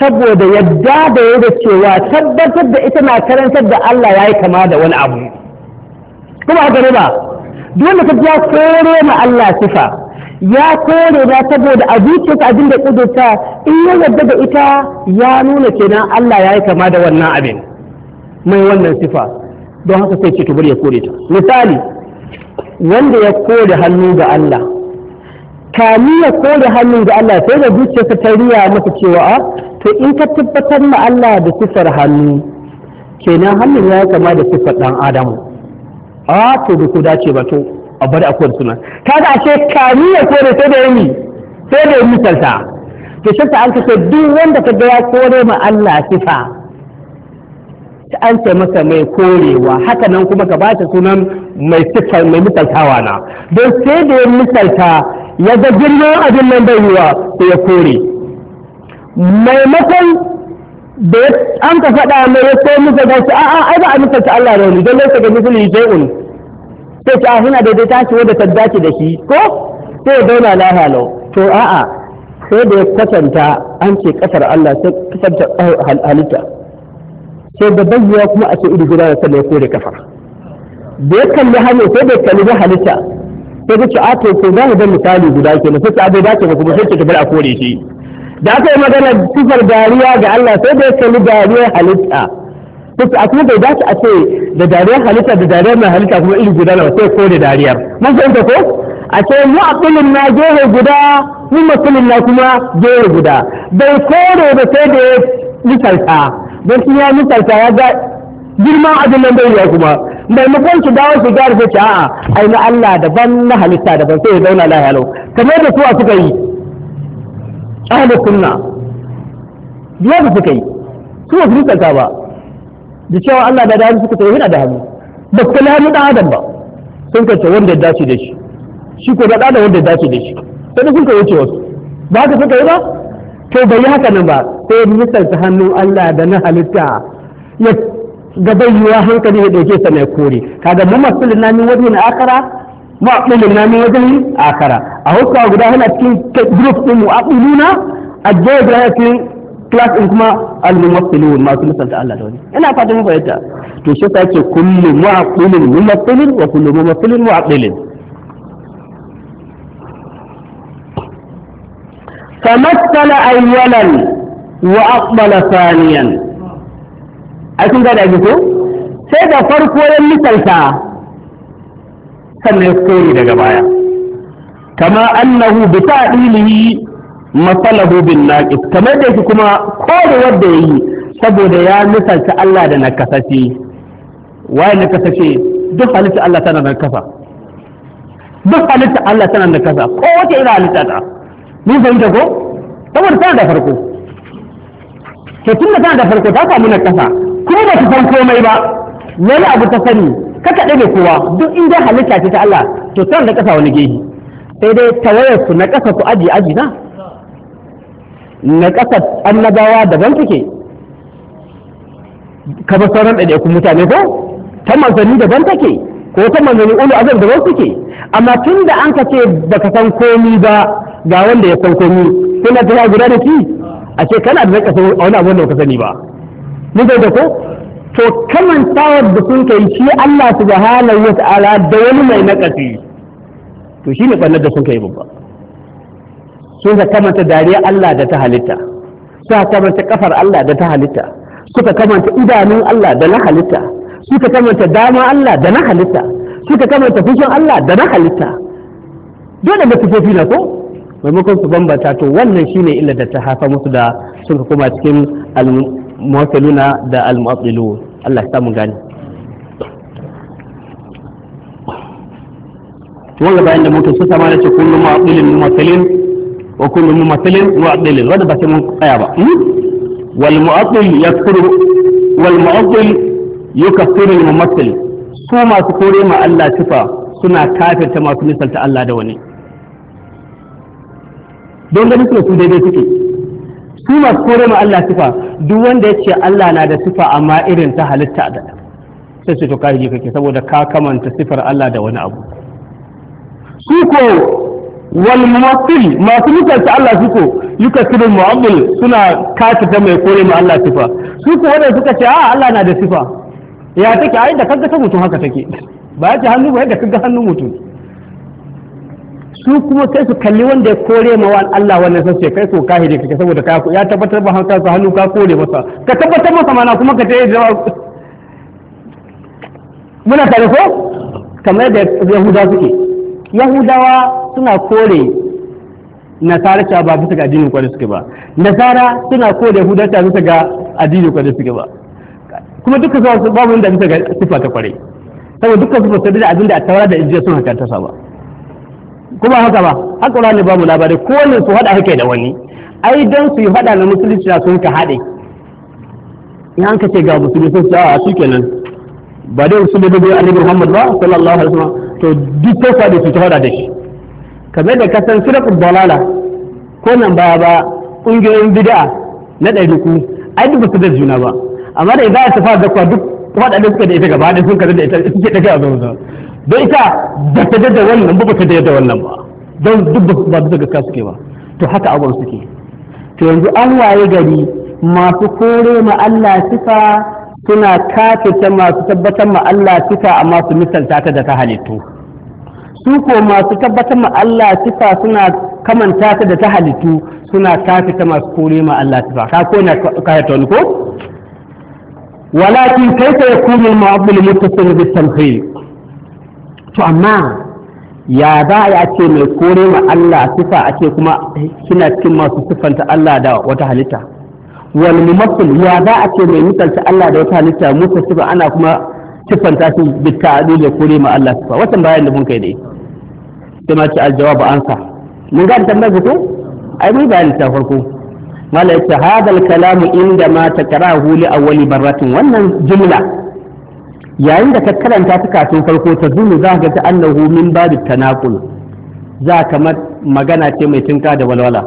saboda yadda da yadda cewa tabbatar da ita na karantar da Allah ya yi kama da wani abu kuma a gare ba dole ka ya kore ma Allah sifa ya kore ba saboda a zuciyarsa abin da kudurta in ya yarda da ita ya nuna kenan Allah ya yi kama da wannan abin mai wannan sifa don haka sai ce tubar ya kore ta misali wanda ya kore hannu ga Allah kami ya kore hannun ga Allah sai da zuciyarsa ta riya masa cewa ah, to in ka tabbatar ma Allah da sifar hannu kenan hannun ya kama da sifar dan adamu a to bai ko dace ba to a bari akwai suna kaga ashe kami ko kore sai da yi sai da yi misalta to shi ta an kace duk wanda ka ga ya kore ma Allah sifa ta an ce masa mai korewa haka nan kuma ka bata sunan mai sifa mai misaltawa na don sai da ya misalta ya ga girman abin nan bai yiwa sai ya kore maimakon da an ka faɗa mai ya so musa ga su a'a ai ba a ta Allah da wani don laisa ga misali shay'un sai ta hina da dai tashi wanda ta dace da shi ko sai dauna na halau to a'a sai da ya kasanta an ce kasar Allah sai kasanta eh, halitta sai da bayyana kuma a ce iri gudanar da sallah ko da kafa da ya kalli hanyar sai da ya kalli halitta sai da ce a to ko za mu da misali guda na sai ta bai dace ba kuma sai ta bar a kore shi da aka yi magana sifar dariya ga Allah sai da ya kalli dariyar halitta kusa a kuma bai dace a ce da dariyar halitta da dariyar mai halitta kuma iri guda na sai ko da dariyar mun fahimta ko a ce mu aqilin na gehe guda mu masulin na kuma gehe guda bai kore ba sai da ya misalta don shi ya misalta ya ga girma abin nan bai ya Mai maimakon ki dawo su gyara ce a'a ai na Allah daban na halitta daban sai ya zauna lahiya lau kamar da su a suka yi ahlu sunna biya da suka yi su wasu su ba da cewa Allah da da suka tafi yana da hannu ba su kalli hannu adam ba sun kace wanda ya dace da shi shi ko da da wanda ya dace da shi sai sun ka cewa wasu ba haka suka yi ba to bai yi haka nan ba sai misalta hannun Allah da na halitta ya gabayyuwa hankali da yake sa mai kore kaga mu masulun na min wajen akara mu aqlun na min wajen akara a hausa guda yana cikin group din mu'aqiluna a geography class din kuma al-mumaththilun masu misalta Allah da wani ina fatan mu fahimta to shi yasa yake kullu mu'aqilin mumaththilin wa kullu mumaththilin mu'aqilin فمثل أولا وأقبل ثانيا أكن قاعد أجيكو سيدا فرق ولم مثلتا سنة يذكرني دقا بايا kama annahu bi ta'dilihi masalahu bin naqis kamar da yake kuma ko da wanda yayi saboda ya misalta Allah da nakasace waye nakasace duk halitta Allah tana nakasa duk halitta Allah tana nakasa ko wace ina halitta ta mun fahimta ko saboda tana da farko to tun da tana da farko ta samu nakasa kuma ba san komai ba wani abu ta sani kaka ɗage kowa duk inda halitta ce ta Allah to tana da wani gehi sai dai tawayar su na ƙasa su aji aji na na ƙasa annabawa daban suke kamar sauran ɗaya ku mutane ko ta manzanni daban take ko ta manzanni ulu azam daban suke amma tun da an ka ce ka san komi ba ga wanda ya san komi sai na ta guda da ki a ce kana da ƙasa a wani abu da ka sani ba mun zai da ko to tawar da sun kai shi Allah subhanahu wa ta'ala da wani mai naƙasi. to shi ne ɓannar da sun yi babba sun ka kamanta dariya Allah da ta halitta suka kamanta kafar Allah da ta halitta suka kamanta idanun Allah da na halitta suka kamanta dama Allah da na halitta suka kamanta fushin Allah da na halitta dole da tufofi na ko maimakon su bambata to wannan ne illa da ta haifa musu da suka kuma cikin al-muwaffiluna da al-mu'attilun Allah ya samu gani to wanda bayan da mutum sun sama da ce kullum ma aqilin mumathalin wa kullum mumathalin mu'addilin wanda ba sai mun tsaya ba hmm? wal mu'addil yakfuru wal mu'addil yukaffiru al mumatthil su masu kore ma Allah sifa suna kafirta masu misalta Allah da wani don ganin su daidai suke su masu kore ma Allah sifa duk wanda ya ce Allah na da sifa amma irin ta halitta da sai su to kaji kake saboda ka kamanta sifar Allah da wani abu su ko wal muwassil masu misalta Allah su ko sirrin mu'abbul suna kafita mai kore ma Allah sifa su ko wanda suka ce a ah, Allah na da sifa ya take ai da kaga ta mutum haka take ba ya ce hannu ba yadda kaga hannun mutum su kuma sai su kalli wanda ya kore ma wa Allah wannan sai ce kai ka kahiri kake saboda ka ya tabbatar ba hanka su hannu ka kore masa ka tabbatar masa mana kuma ka tare da muna tare ko kamar da Yahuda suke yahudawa suna kore nasara cewa ba bisa ga addinin kwari suke ba nasara suna kore yahudawa cewa bisa ga addinin kwari suke ba kuma duka zuwa su babu inda bisa ga sifa ta kwarai saboda duka su fasu da abin da a taura da injiya sun haka ta ba kuma haka ba haka ne ba mu ko ne su hada haka da wani ai don su yi hada na musulunci na sun ka haɗe in an ka ce ga musulunci sun sa a su kenan ba dai su da dubu annabi Muhammad ba sallallahu alaihi wasallam to duk ko da su ta da shi kamar da kasan sirafin balala ko nan ba ba ƙungiyoyin bid'a na ɗariku ai duk su da juna ba amma da idan ta fara zakwa duk da suka da ita gaba da sun kaza da ita suke ɗaga a zama don ita ba ta da wannan ba ba ta da wannan ba don duk ba su gaskiya suke ba to haka abun suke to yanzu an waye gari masu kore ma Allah sifa suna kafirta masu tabbatar ma Allah sifa amma su misalta ta da ta halittu su ko masu tabbatar ma Allah sifa suna kamanta ta da ta halittu suna kafirta masu kore ma Allah sifa ka ko na kayata wani ko walakin kai ta yakunu al-mu'abbal muttasil bi tamthil to amma ya za a ce mai kore ma Allah sifa ake kuma kina cikin masu siffanta Allah da wata halitta wal mumassil ya za a ce mai misalta Allah da wata halitta musa sifa ana kuma siffanta shi bi ta'dil ya kore ma Allah sifa wannan bayan da mun kai dai sai ma ce aljawabu ansa mun ga tambayar ko ai mun bayani ta farko mala yace hadal kalamu inda ma takrahu li awwali barratin wannan jumla yayin da ka karanta ta kafin farko ta zulu za ka ga annahu min babu tanaqul za kamar magana ce mai tinka da walwala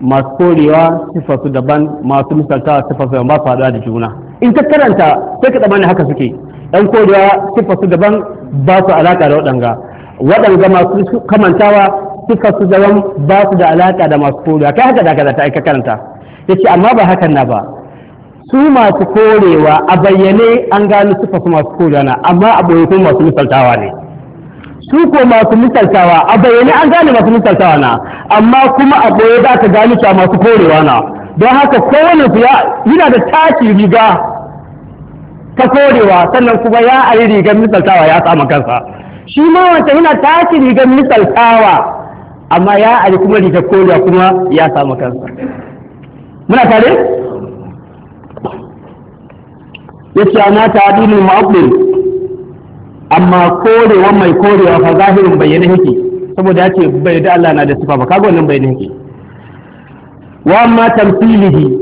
masu korewa sifarsu daban masu misalta sifarsu daban ba su haɗuwa da juna in ka karanta sai ka tsammani haka suke ɗan korewa sifarsu daban ba su alaƙa da waɗanga waɗanga masu kamantawa sifarsu daban ba su da alaƙa da masu korewa kai haka da haka ta aika karanta ya ce amma ba hakan na ba su masu korewa a bayyane an gano sifarsu masu korewa na amma a ɓoye masu misaltawa ne su ko masu misaltawa a bayyane an gane masu misaltawa na amma kuma a ɓoye za ka gane cewa masu korewa na don haka kowane su yana da taki riga ta korewa sannan kuma ya a yi rigar misaltawa ya samu kansa shi ma wancan yana taki rigar misaltawa amma ya a yi kuma rigar korewa kuma ya samu kansa muna tare yace ana ta adilul mu'abbin amma korewa mai korewa fa zahirin bayyana yake saboda ya ce bai da Allah na da sifa ba kaga wannan bayyana yake wa amma tamthilihi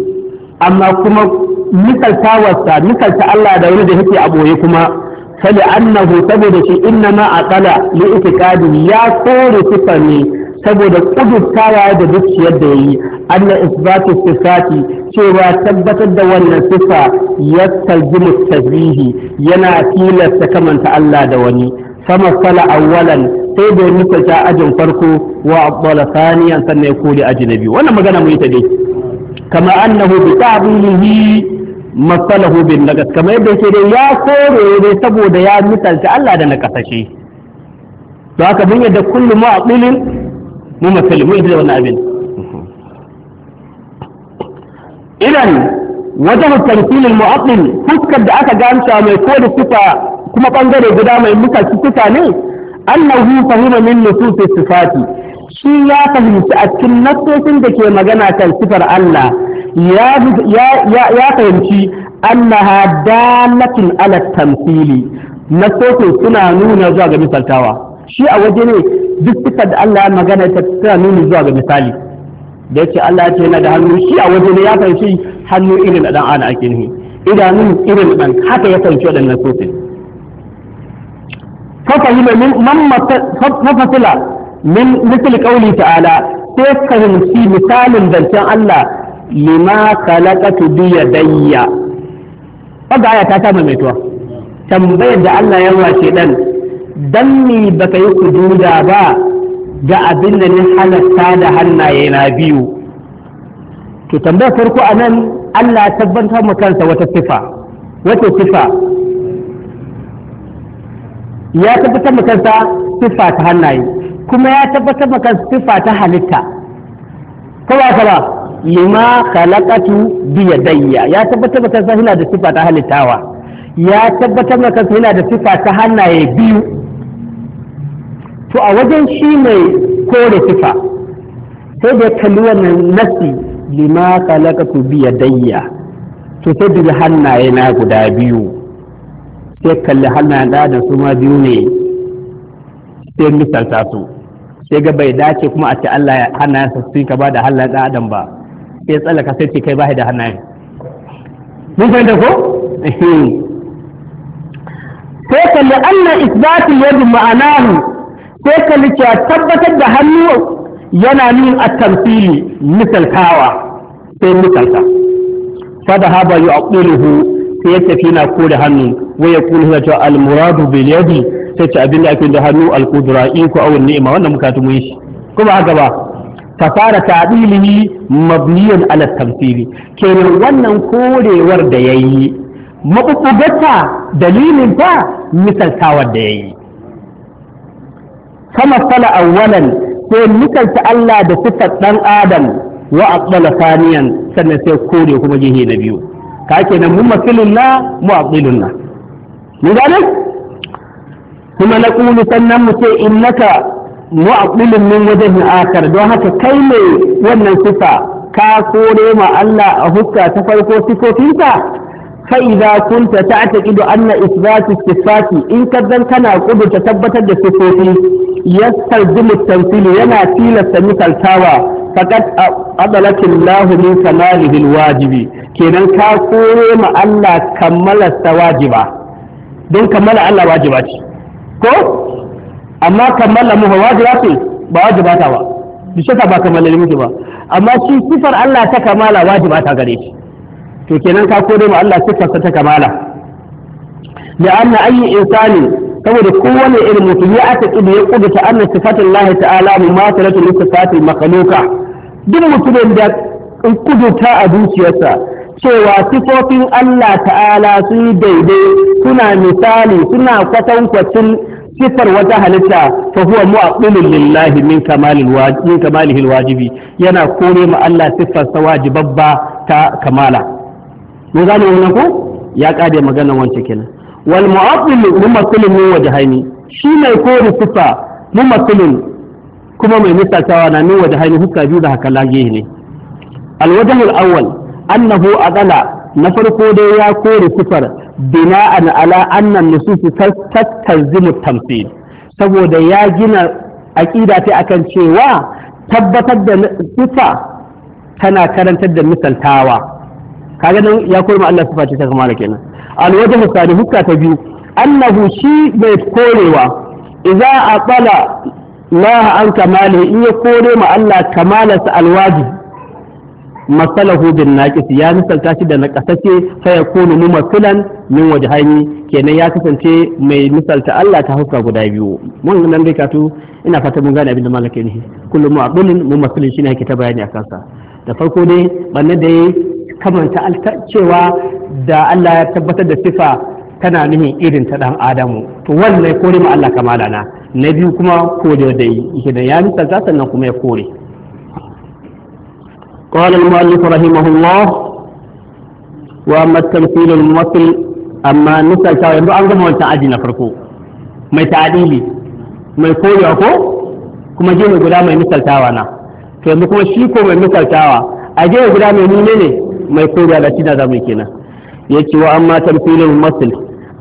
amma kuma wasa misalta Allah da wani da yake a boye kuma li annahu saboda shi inna ma aqala li itiqadi ya kore sifa ne saboda kudurtawa da dukiyar da ya yayi anna isbatu sifati cewa tabbatar da wannan sifa yastajibu tasbihi yana tilasta kamanta Allah da wani sama sala awwalan sai da misalta ajin farko wa abdala saniyan sannan ya aji na biyu. wannan magana mu yi ta dai kama annahu bi ta'dihi masalahu bin nagas Kama yadda yake dai ya kore ne saboda ya misalta Allah da na nakasashe don haka mun yadda kullu mu'aqilin mu makalli mu ita da wannan abin idan wajen tarfilin mu'aqqil fuskar da aka gamsa mai ko da suka kuma bangare guda mai muka sifa ne annahu fahima min nusus sifati shi ya fahimci a cikin nasosin da ke magana kan sifar Allah ya fahimci annaha dalatin ala tamthili nasosin suna nuna zuwa ga misaltawa shi a waje ne duk sifar da Allah ya magana ta tana nuni zuwa ga misali da yace Allah ya ce yana da hannu shi a waje ne ya fahimci hannu irin da dan ana ake nufi idanun irin dan haka ya fahimci waɗannan sosai fafahima min man mafasila min misal qauli ta'ala sai fahimci misalin zancen Allah lima khalaqatu bi yadayya kaga aya ta ta mai tuwa tambayar da Allah ya wa dan. dan me baka yi kududa ba ga abin da ni halatta da hannaye na biyu to tambayar farko a nan Allah ya tabbatar mu kansa wata sifa wata sifa ya tabbatar mu kansa sifa ta hannaye kuma ya tabbatar mu kansa sifa ta halitta ba ka ba lima khalaqatu bi yadayya ya tabbatar mu kansa yana da sifa ta halittawa ya tabbatar maka kansa yana da sifa ta hannaye biyu to a wajen shi mai kore sifa sai da kalli wannan nasi lima ku bi yadayya to sai da hannaye na guda biyu sai kalli hannaye da da su ma biyu ne sai misalta su sai ga bai dace kuma a ce Allah hannayen sa sun ka ba da hannayen da adam ba sai tsallaka sai ce kai ba da hannayen mun fahimta ko sai kalli Allah isbatu yadu ma'anahu sai ka lice tabbatar da hannu yana nin a tamfili misaltawa sai misalta fada haba yi aquluhu sai ya tafi na ko da hannu wai ya kulu ya ce al-muradu sai ce abin da ake da hannu al-qudra in ko awun ni'ima wannan mukatu mun shi kuma haka ba kafara ta'dilihi mabniyan ala tamfili kenan wannan korewar da yayi mabubugata dalilin ta misaltawar da yayi kama sala awwalan sai misalta Allah da sifar dan adam wa aqbala saniyan sannan sai kore kuma jihi na biyu ka kenan mun masilunna mu aqilunna mun gane kuma na kulu sannan mu ce innaka aqbilun min wajhi akar don haka kai ne wannan sifa ka kore ma Allah a hukka ta farko sifofinsa فإذا كنت تعتقد أن إثبات الصفات إن كذا كان قد تثبت الصفات يستلزم التمثيل ينا تيل مثل تاوى فقد أضلت الله من كماله الواجب كينا كاكوري ما ألا كمل الواجبة دون كمل ألا واجبات كو أما كمل مه واجبات بواجبات بشكل ما كمل المجبة أما شي صفر ألا تكمل واجبات غريب to kenan ka kore ma Allah siffarsa ta kamala da anna ayi insani saboda kowane irin mutum ya aka kibi ya kuduta anna sifatin Allah ta'ala mu ma taratu li sifatil makhluqa duk mutumin da in kuduta a zuciyarsa cewa sifofin Allah ta'ala sun yi daidai suna misali suna kwatankwacin sifar wata halitta fa huwa mu'aqqilun lillahi min kamalil wajibi yana kore ma Allah siffarsa wajibabba ta kamala mun gane wannan ko ya kade magana wancan kenan wal mu'attil mumathilun min wajhaini shi mai kore sifa mumathilun kuma mai misaltawa na min wajhaini hukka biyu da haka lage ne al wajh al awwal annahu adala na farko dai ya kore sifar bina'an ala annan nususi tattalzimu tamthil saboda ya gina aqida ta akan cewa tabbatar da sifa tana karantar da misaltawa kaga nan ya kore ma Allah sifa ta kamala kenan alwajh sani hukka ta biyu annahu shi mai korewa idza aqala Allah an kamale in ya kore ma Allah kamalarsa alwajib masalahu bin naqis ya misalta shi da naqasace fa yakunu mumathilan min wajhaini kenan ya kasance mai misalta Allah ta hauka guda biyu mun nan dai katu ina fata mun gane abin da malaka ne kullum mu'abulin mumathilin shine yake ta bayani akan sa da farko dai banne da kamanta cewa da Allah ya tabbatar da sifa tana nuhin irin ta dan adamu to wannan kore ma Allah kamala na na biyu kuma kore da yake da ya misalta sannan kuma ya kore قال المؤلف رحمه الله واما التمثيل masu amma نسال شاو يبدو an gama wancan aji na farko mai ta'adili mai korewa ko kuma je mai guda mai misaltawa na to yanzu kuma shi ko mai misaltawa a je guda mai nune ne mai koriya da shida zamu kenan ya ce wa amma tamfilin masl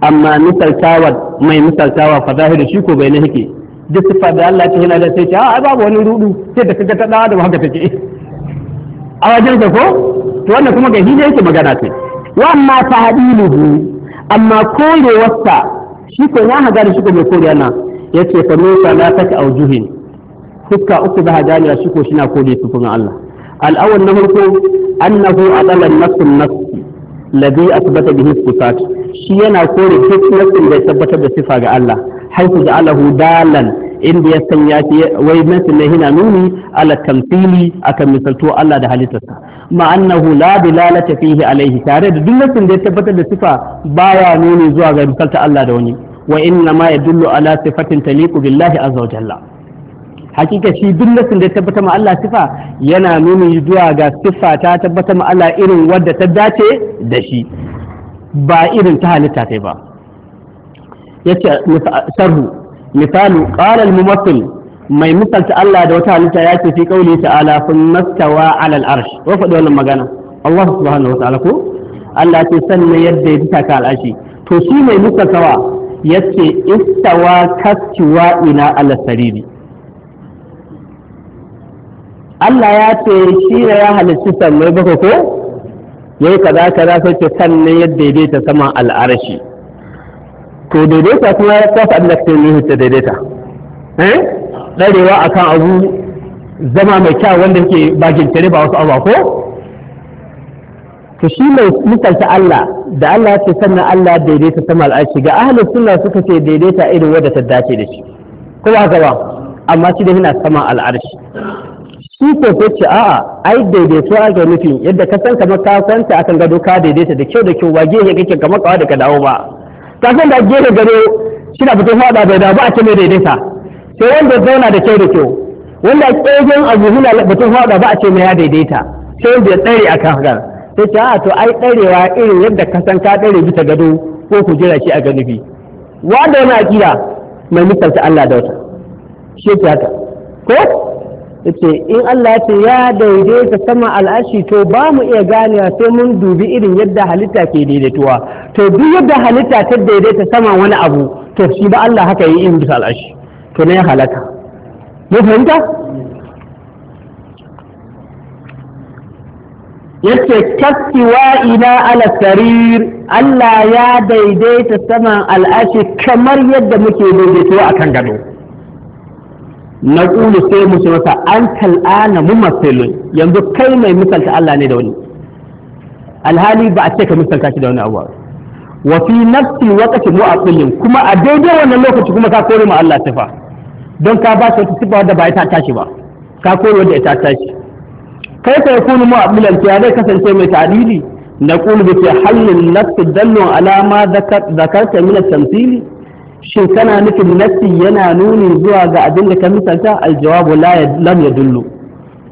amma misaltawa mai misaltawa fa zahiru shi ko bai na hike duk sifa da Allah ta hina da sai ce a ah, babu wani rudu sai da kaga ta da da haka take a wajen ka ko to wannan kuma ga hije yake magana ce wa amma ta'diluhu amma korewarsa shi ko ya haga da shi ko mai koriya na yace fa nusa la taka aujuhin fuska uku za ha gani shi ko shi na kore su kuma Allah Al'awar na farko annahu adalan nafsun nafsi ladhi asbata bihi sifat shi yana kore duk nafsin da tabbatar da sifa ga Allah haifu da alahu dalan inda ya sanya shi wai nafsin ne nuni ala tamthili akan misalto Allah da halittarsa ma annahu la dilalata fihi alaihi tare da duk nafsin da ya tabbatar da sifa baya nuni zuwa ga misalta Allah da wani wa inna ma yadullu ala sifatin taliqu billahi azza hakika shi duk lasin da tabbata ma Allah sifa yana nuni zuwa ga sifa ta tabbata ma Allah irin wadda ta dace da shi ba irin ta halitta sai ba yace sharhu misalu qala al-mumassil mai misalta Allah da wata halitta ya ce fi kauli ta'ala sun mastawa ala al-arsh wa faɗi wannan magana Allah subhanahu wa ta'ala ko Allah ce sanna yadda ya bisa ka al'ashi to shi mai misaltawa yace istawa kastiwa ina ala sariri Allah ya ce shi ne ya halitta sannan baka ko ya yi kaza kaza za ce sannan ya daidaita saman al'arashi to daidaita kuma ya kafa Allah ta yi ta daidaita eh? ɗarewa darewa akan abu zama mai kyau wanda ke bakin tare ba wasu abu ko to shi mai misalta Allah da Allah ya ce sannan Allah ya daidaita sama al'arashi ga ahalin suna suka ce daidaita irin wadda ta dace da shi ko ba amma shi da yana sama al'arashi su ko ko ce a'a ai daidaito ake nufi yadda ka san kamar ka kwanta akan gado ka daidaita da kyau da kyau ba gehe kake kamar kawa da ka dawo ba ka san da gehe gado shi na fito fada bai da ba a ce mai daidaita sai wanda zauna da kyau da kyau wanda kegen abu na batun fada ba a ce mai ya daidaita sai wanda ya tsare a hakan sai ce a'a to ai tsarewa irin yadda ka san ka tsare bisa gado ko ku jira shi a ga nufi wanda wani akida mai misalta Allah da wata shi ke haka ko ce in Allah ya ce ya daidaita sama al'ashi to ba mu iya ganewa sai mun dubi irin yadda halitta ke daidaituwa to duk yadda halitta ta daidaita sama wani abu to shi ba Allah haka yi in bisa al'ashi to ne halaka mu fahimta yace kasiwa ila ala sarir Allah ya daidaita saman al'ashi kamar yadda muke daidaituwa akan gado na ƙulu sai mu ce masa an kal'ana mu masalun yanzu kai mai misalta Allah ne da wani alhali ba a ce ka misalta shi da wani abu wa fi nafsi a mu'aqilin kuma a daidai wannan lokaci kuma ka kore mu Allah sifa don ka ba shi wata sifa wadda ba ita tashi ba ka kore wadda ita tashi kai ka a mu'aqilan ya zai kasance mai ta'dili na ƙulu bi halin nafsi dallon alama zakarta min at-tamthili shin kana nufin nassi yana nuni zuwa ga abin da ka misalta aljawabu lam ya dullu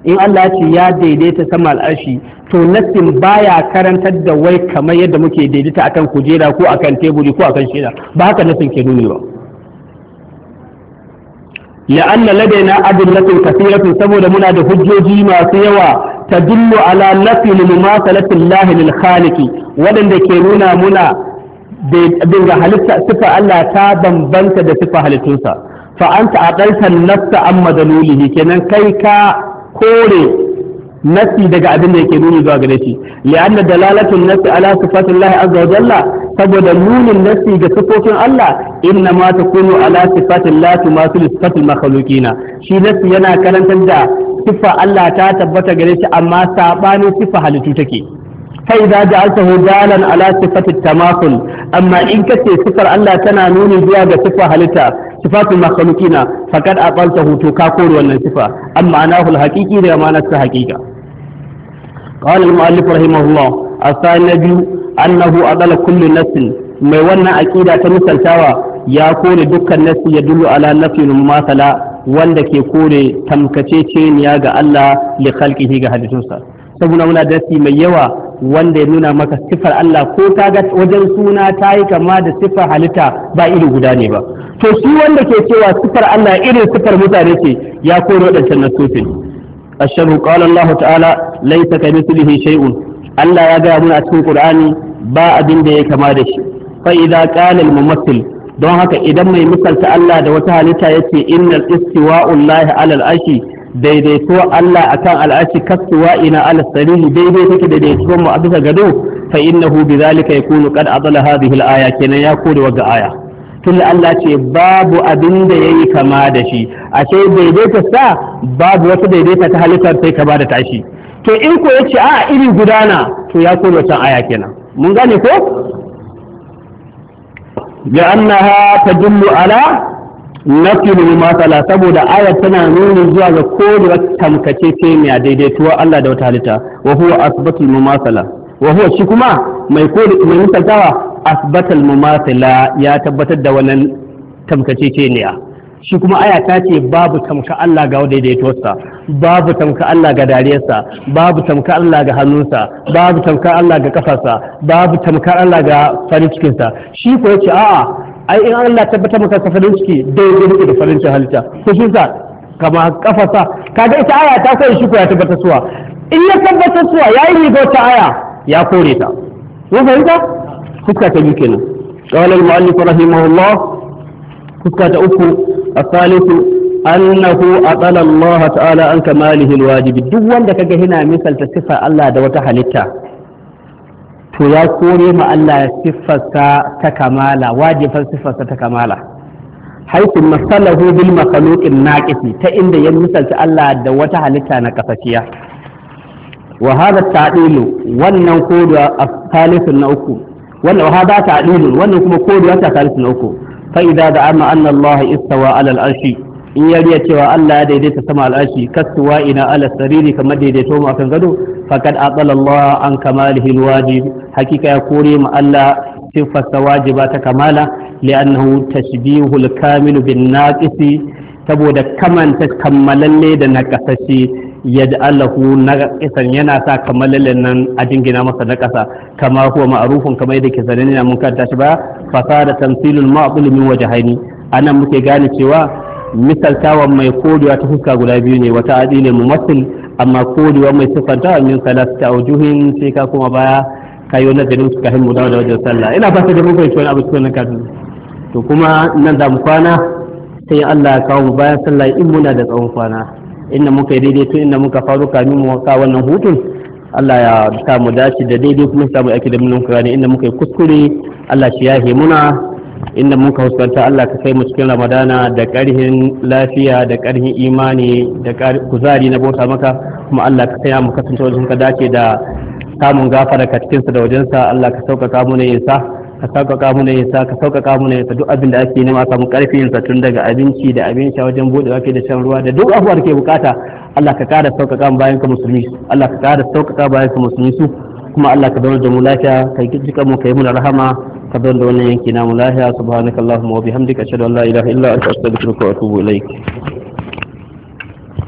in Allah ce ya daidaita sama al'arshi to nassin baya karantar da wai kamar yadda muke daidaita akan kujera ko akan teburi ko akan shida ba haka nassin ke nuni ba لأن لدينا أدلة كثيرة سبب منا ده حجوجي ما ala تدل على نفي مماثلة lil khaliqi wadanda ke nuna muna. bin ga halitta sifa Allah ta bambanta da sifa halittunsa fa anta aqalta nafsa amma dalulihi kenan kai ka kore nafsi daga abin da yake nuni zuwa gare shi li'anna dalalatun nafsi ala sifatillahi azza wa jalla saboda nunin nafsi ga sifofin Allah inna ma takunu ala sifatillahi ma su sifatil makhluqina shi nafsi yana karantar da sifa Allah ta tabbata gare shi amma sabanin sifa halittu take kai za ji alta hudalan ala sifatit tamasul amma in ka ce sifar Allah tana nuni zuwa ga sifar halitta sifatul makhluqina faqad aqalta hutu ka kore wannan sifa amma anahu alhaqiqi da ma'anar sa haqiqa qala al-mu'allif rahimahullah asani biyu annahu akala kullu nafsin mai wannan aƙida ta misaltawa ya kore dukkan nafsi ya dulu ala nafsin masala, wanda ke kore tamkaceceniya ga Allah li khalqihi ga halittunsa. saboda muna darasi mai yawa wanda ya nuna maka sifar Allah ko kaga wajen suna ta yi kama da sifar halitta ba iri guda ne ba to shi wanda ke cewa sifar Allah irin sifar mutane ce ya koro wadancan nasofin asharu qala Allah ta'ala laysa ka mithlihi shay'un Allah ya gaya muna cikin Qur'ani ba abin da ya kama da shi fa idza qala al don haka idan mai misalta Allah da wata halitta yace innal istiwa'u Allah 'ala al-arshi daidaituwa Allah akan al'ashi kasuwa ina ala sarihi daidai take daidaituwar mu a bisa gado fa innahu bidhalika yakunu qad adala hadhihi al-aya kenan ya kore wa aya tun Allah ce babu abin da yayi kama da shi ashe daidaita sa babu wata daidaita ta halittar sai kama da tashi to in ko yace a iri gudana to ya kore wata aya kenan mun gane ko لأنها تدل ala. nafilu masala saboda ayat tana nuni zuwa ga kodewa tamkace ce mai daidaituwa Allah da wata halitta wa huwa asbatul mumasala wa huwa shi kuma mai kodi mai misaltawa asbatul mumasala ya tabbatar da wannan tamkace ce ne shi kuma aya ta ce babu tamka Allah ga daidaituwarsa babu tamka Allah ga dariyarsa babu tamka Allah ga hannunsa babu tamka Allah ga kafarsa babu tamka Allah ga farin cikinsa shi ko ce a'a ai in Allah tabbatar maka ka farin ciki daidai yake da farin halitta fushin sa kama kafasa kaga ita aya ta sai shi ko ya tabbatar suwa in ya tabbatar suwa yayi riga ta aya ya kore ta mun fahimta fuska ta biyu kenan qala al-mu'allif rahimahullah fuska ta uku as-salisu annahu atala Allah ta'ala an kamalihi al-wajib duk wanda kaga yana misalta sifa Allah da wata halitta to ya kore ma Allah ya siffarsa ta kamala wajifar siffarsa ta kamala haiku masalahu bil makhluqin naqisi ta inda ya misalta Allah da wata halitta na kasafiya wa hada ta'dilu wannan kodu a salisun na uku wannan hada ta'dilu wannan kuma kodu ta salisun na uku fa idza da'ama anna Allah istawa ala al-arshi in ya riya cewa Allah ya daidaita sama al'ashi kasuwa ina ala sariri kamar daidaito mu akan gado Fakad aqala Allah an kamalihi alwajib hakika ya kore mu Allah sifar wajiba ta kamala li'annahu tashbihu alkamilu bin naqisi saboda kamanta kammalalle da nakasashi yaj'alahu naqisan yana sa kammalallen nan a jingina masa nakasa kama huwa ma'rufun kamar yadda ke sanin na mun kanta shi ba fasada tamthilul ma'qul min wajhaini anan muke gane cewa misaltawan mai kodewa ta fuska guda biyu ne wata adi ne mumassil amma kodewa mai sifantawa min salasta wujuhin sai ka kuma baya kayo nazarin su kafin mu dawo da wajen sallah ina fata da mun fahimci wani abu cikin kafin to kuma nan da mu kwana sai Allah ya kawo mu bayan sallah in muna da tsawon kwana inda muka yi daidai tun inda muka faru kamin mu ka wannan hutun Allah ya sa mu dace da daidai kuma samu aiki da mun kwana inda muka yi kuskure Allah shi yahe muna inda muka huskanta Allah ka kai mu cikin Ramadana da ƙarhin lafiya da ƙarhin imani da kuzari na bota maka kuma Allah ka kai mu kasance wajen ka dace da samun gafara ka cikin sa da wajen sa Allah ka sauƙaƙa mu ne yasa ka sauƙaƙa mu ne yasa ka sauƙaƙa mu ne yasa duk abin da ake nema mu ƙarfin sa tun daga abinci da abin sha wajen bude wake da shan ruwa da duk abubuwa ke bukata Allah ka ƙara sauƙaƙa bayan ka musulmi Allah ka ƙara sauƙaƙa bayan ka musulmi su kuma Allah ka zama da mu lafiya ka jika mu kai mu rahama kabar da wannan yanki namu lahiya subhanakallahumma wa bihamdika ashhadu an la ilaha illa anta astaghfiruka wa atubu ilaik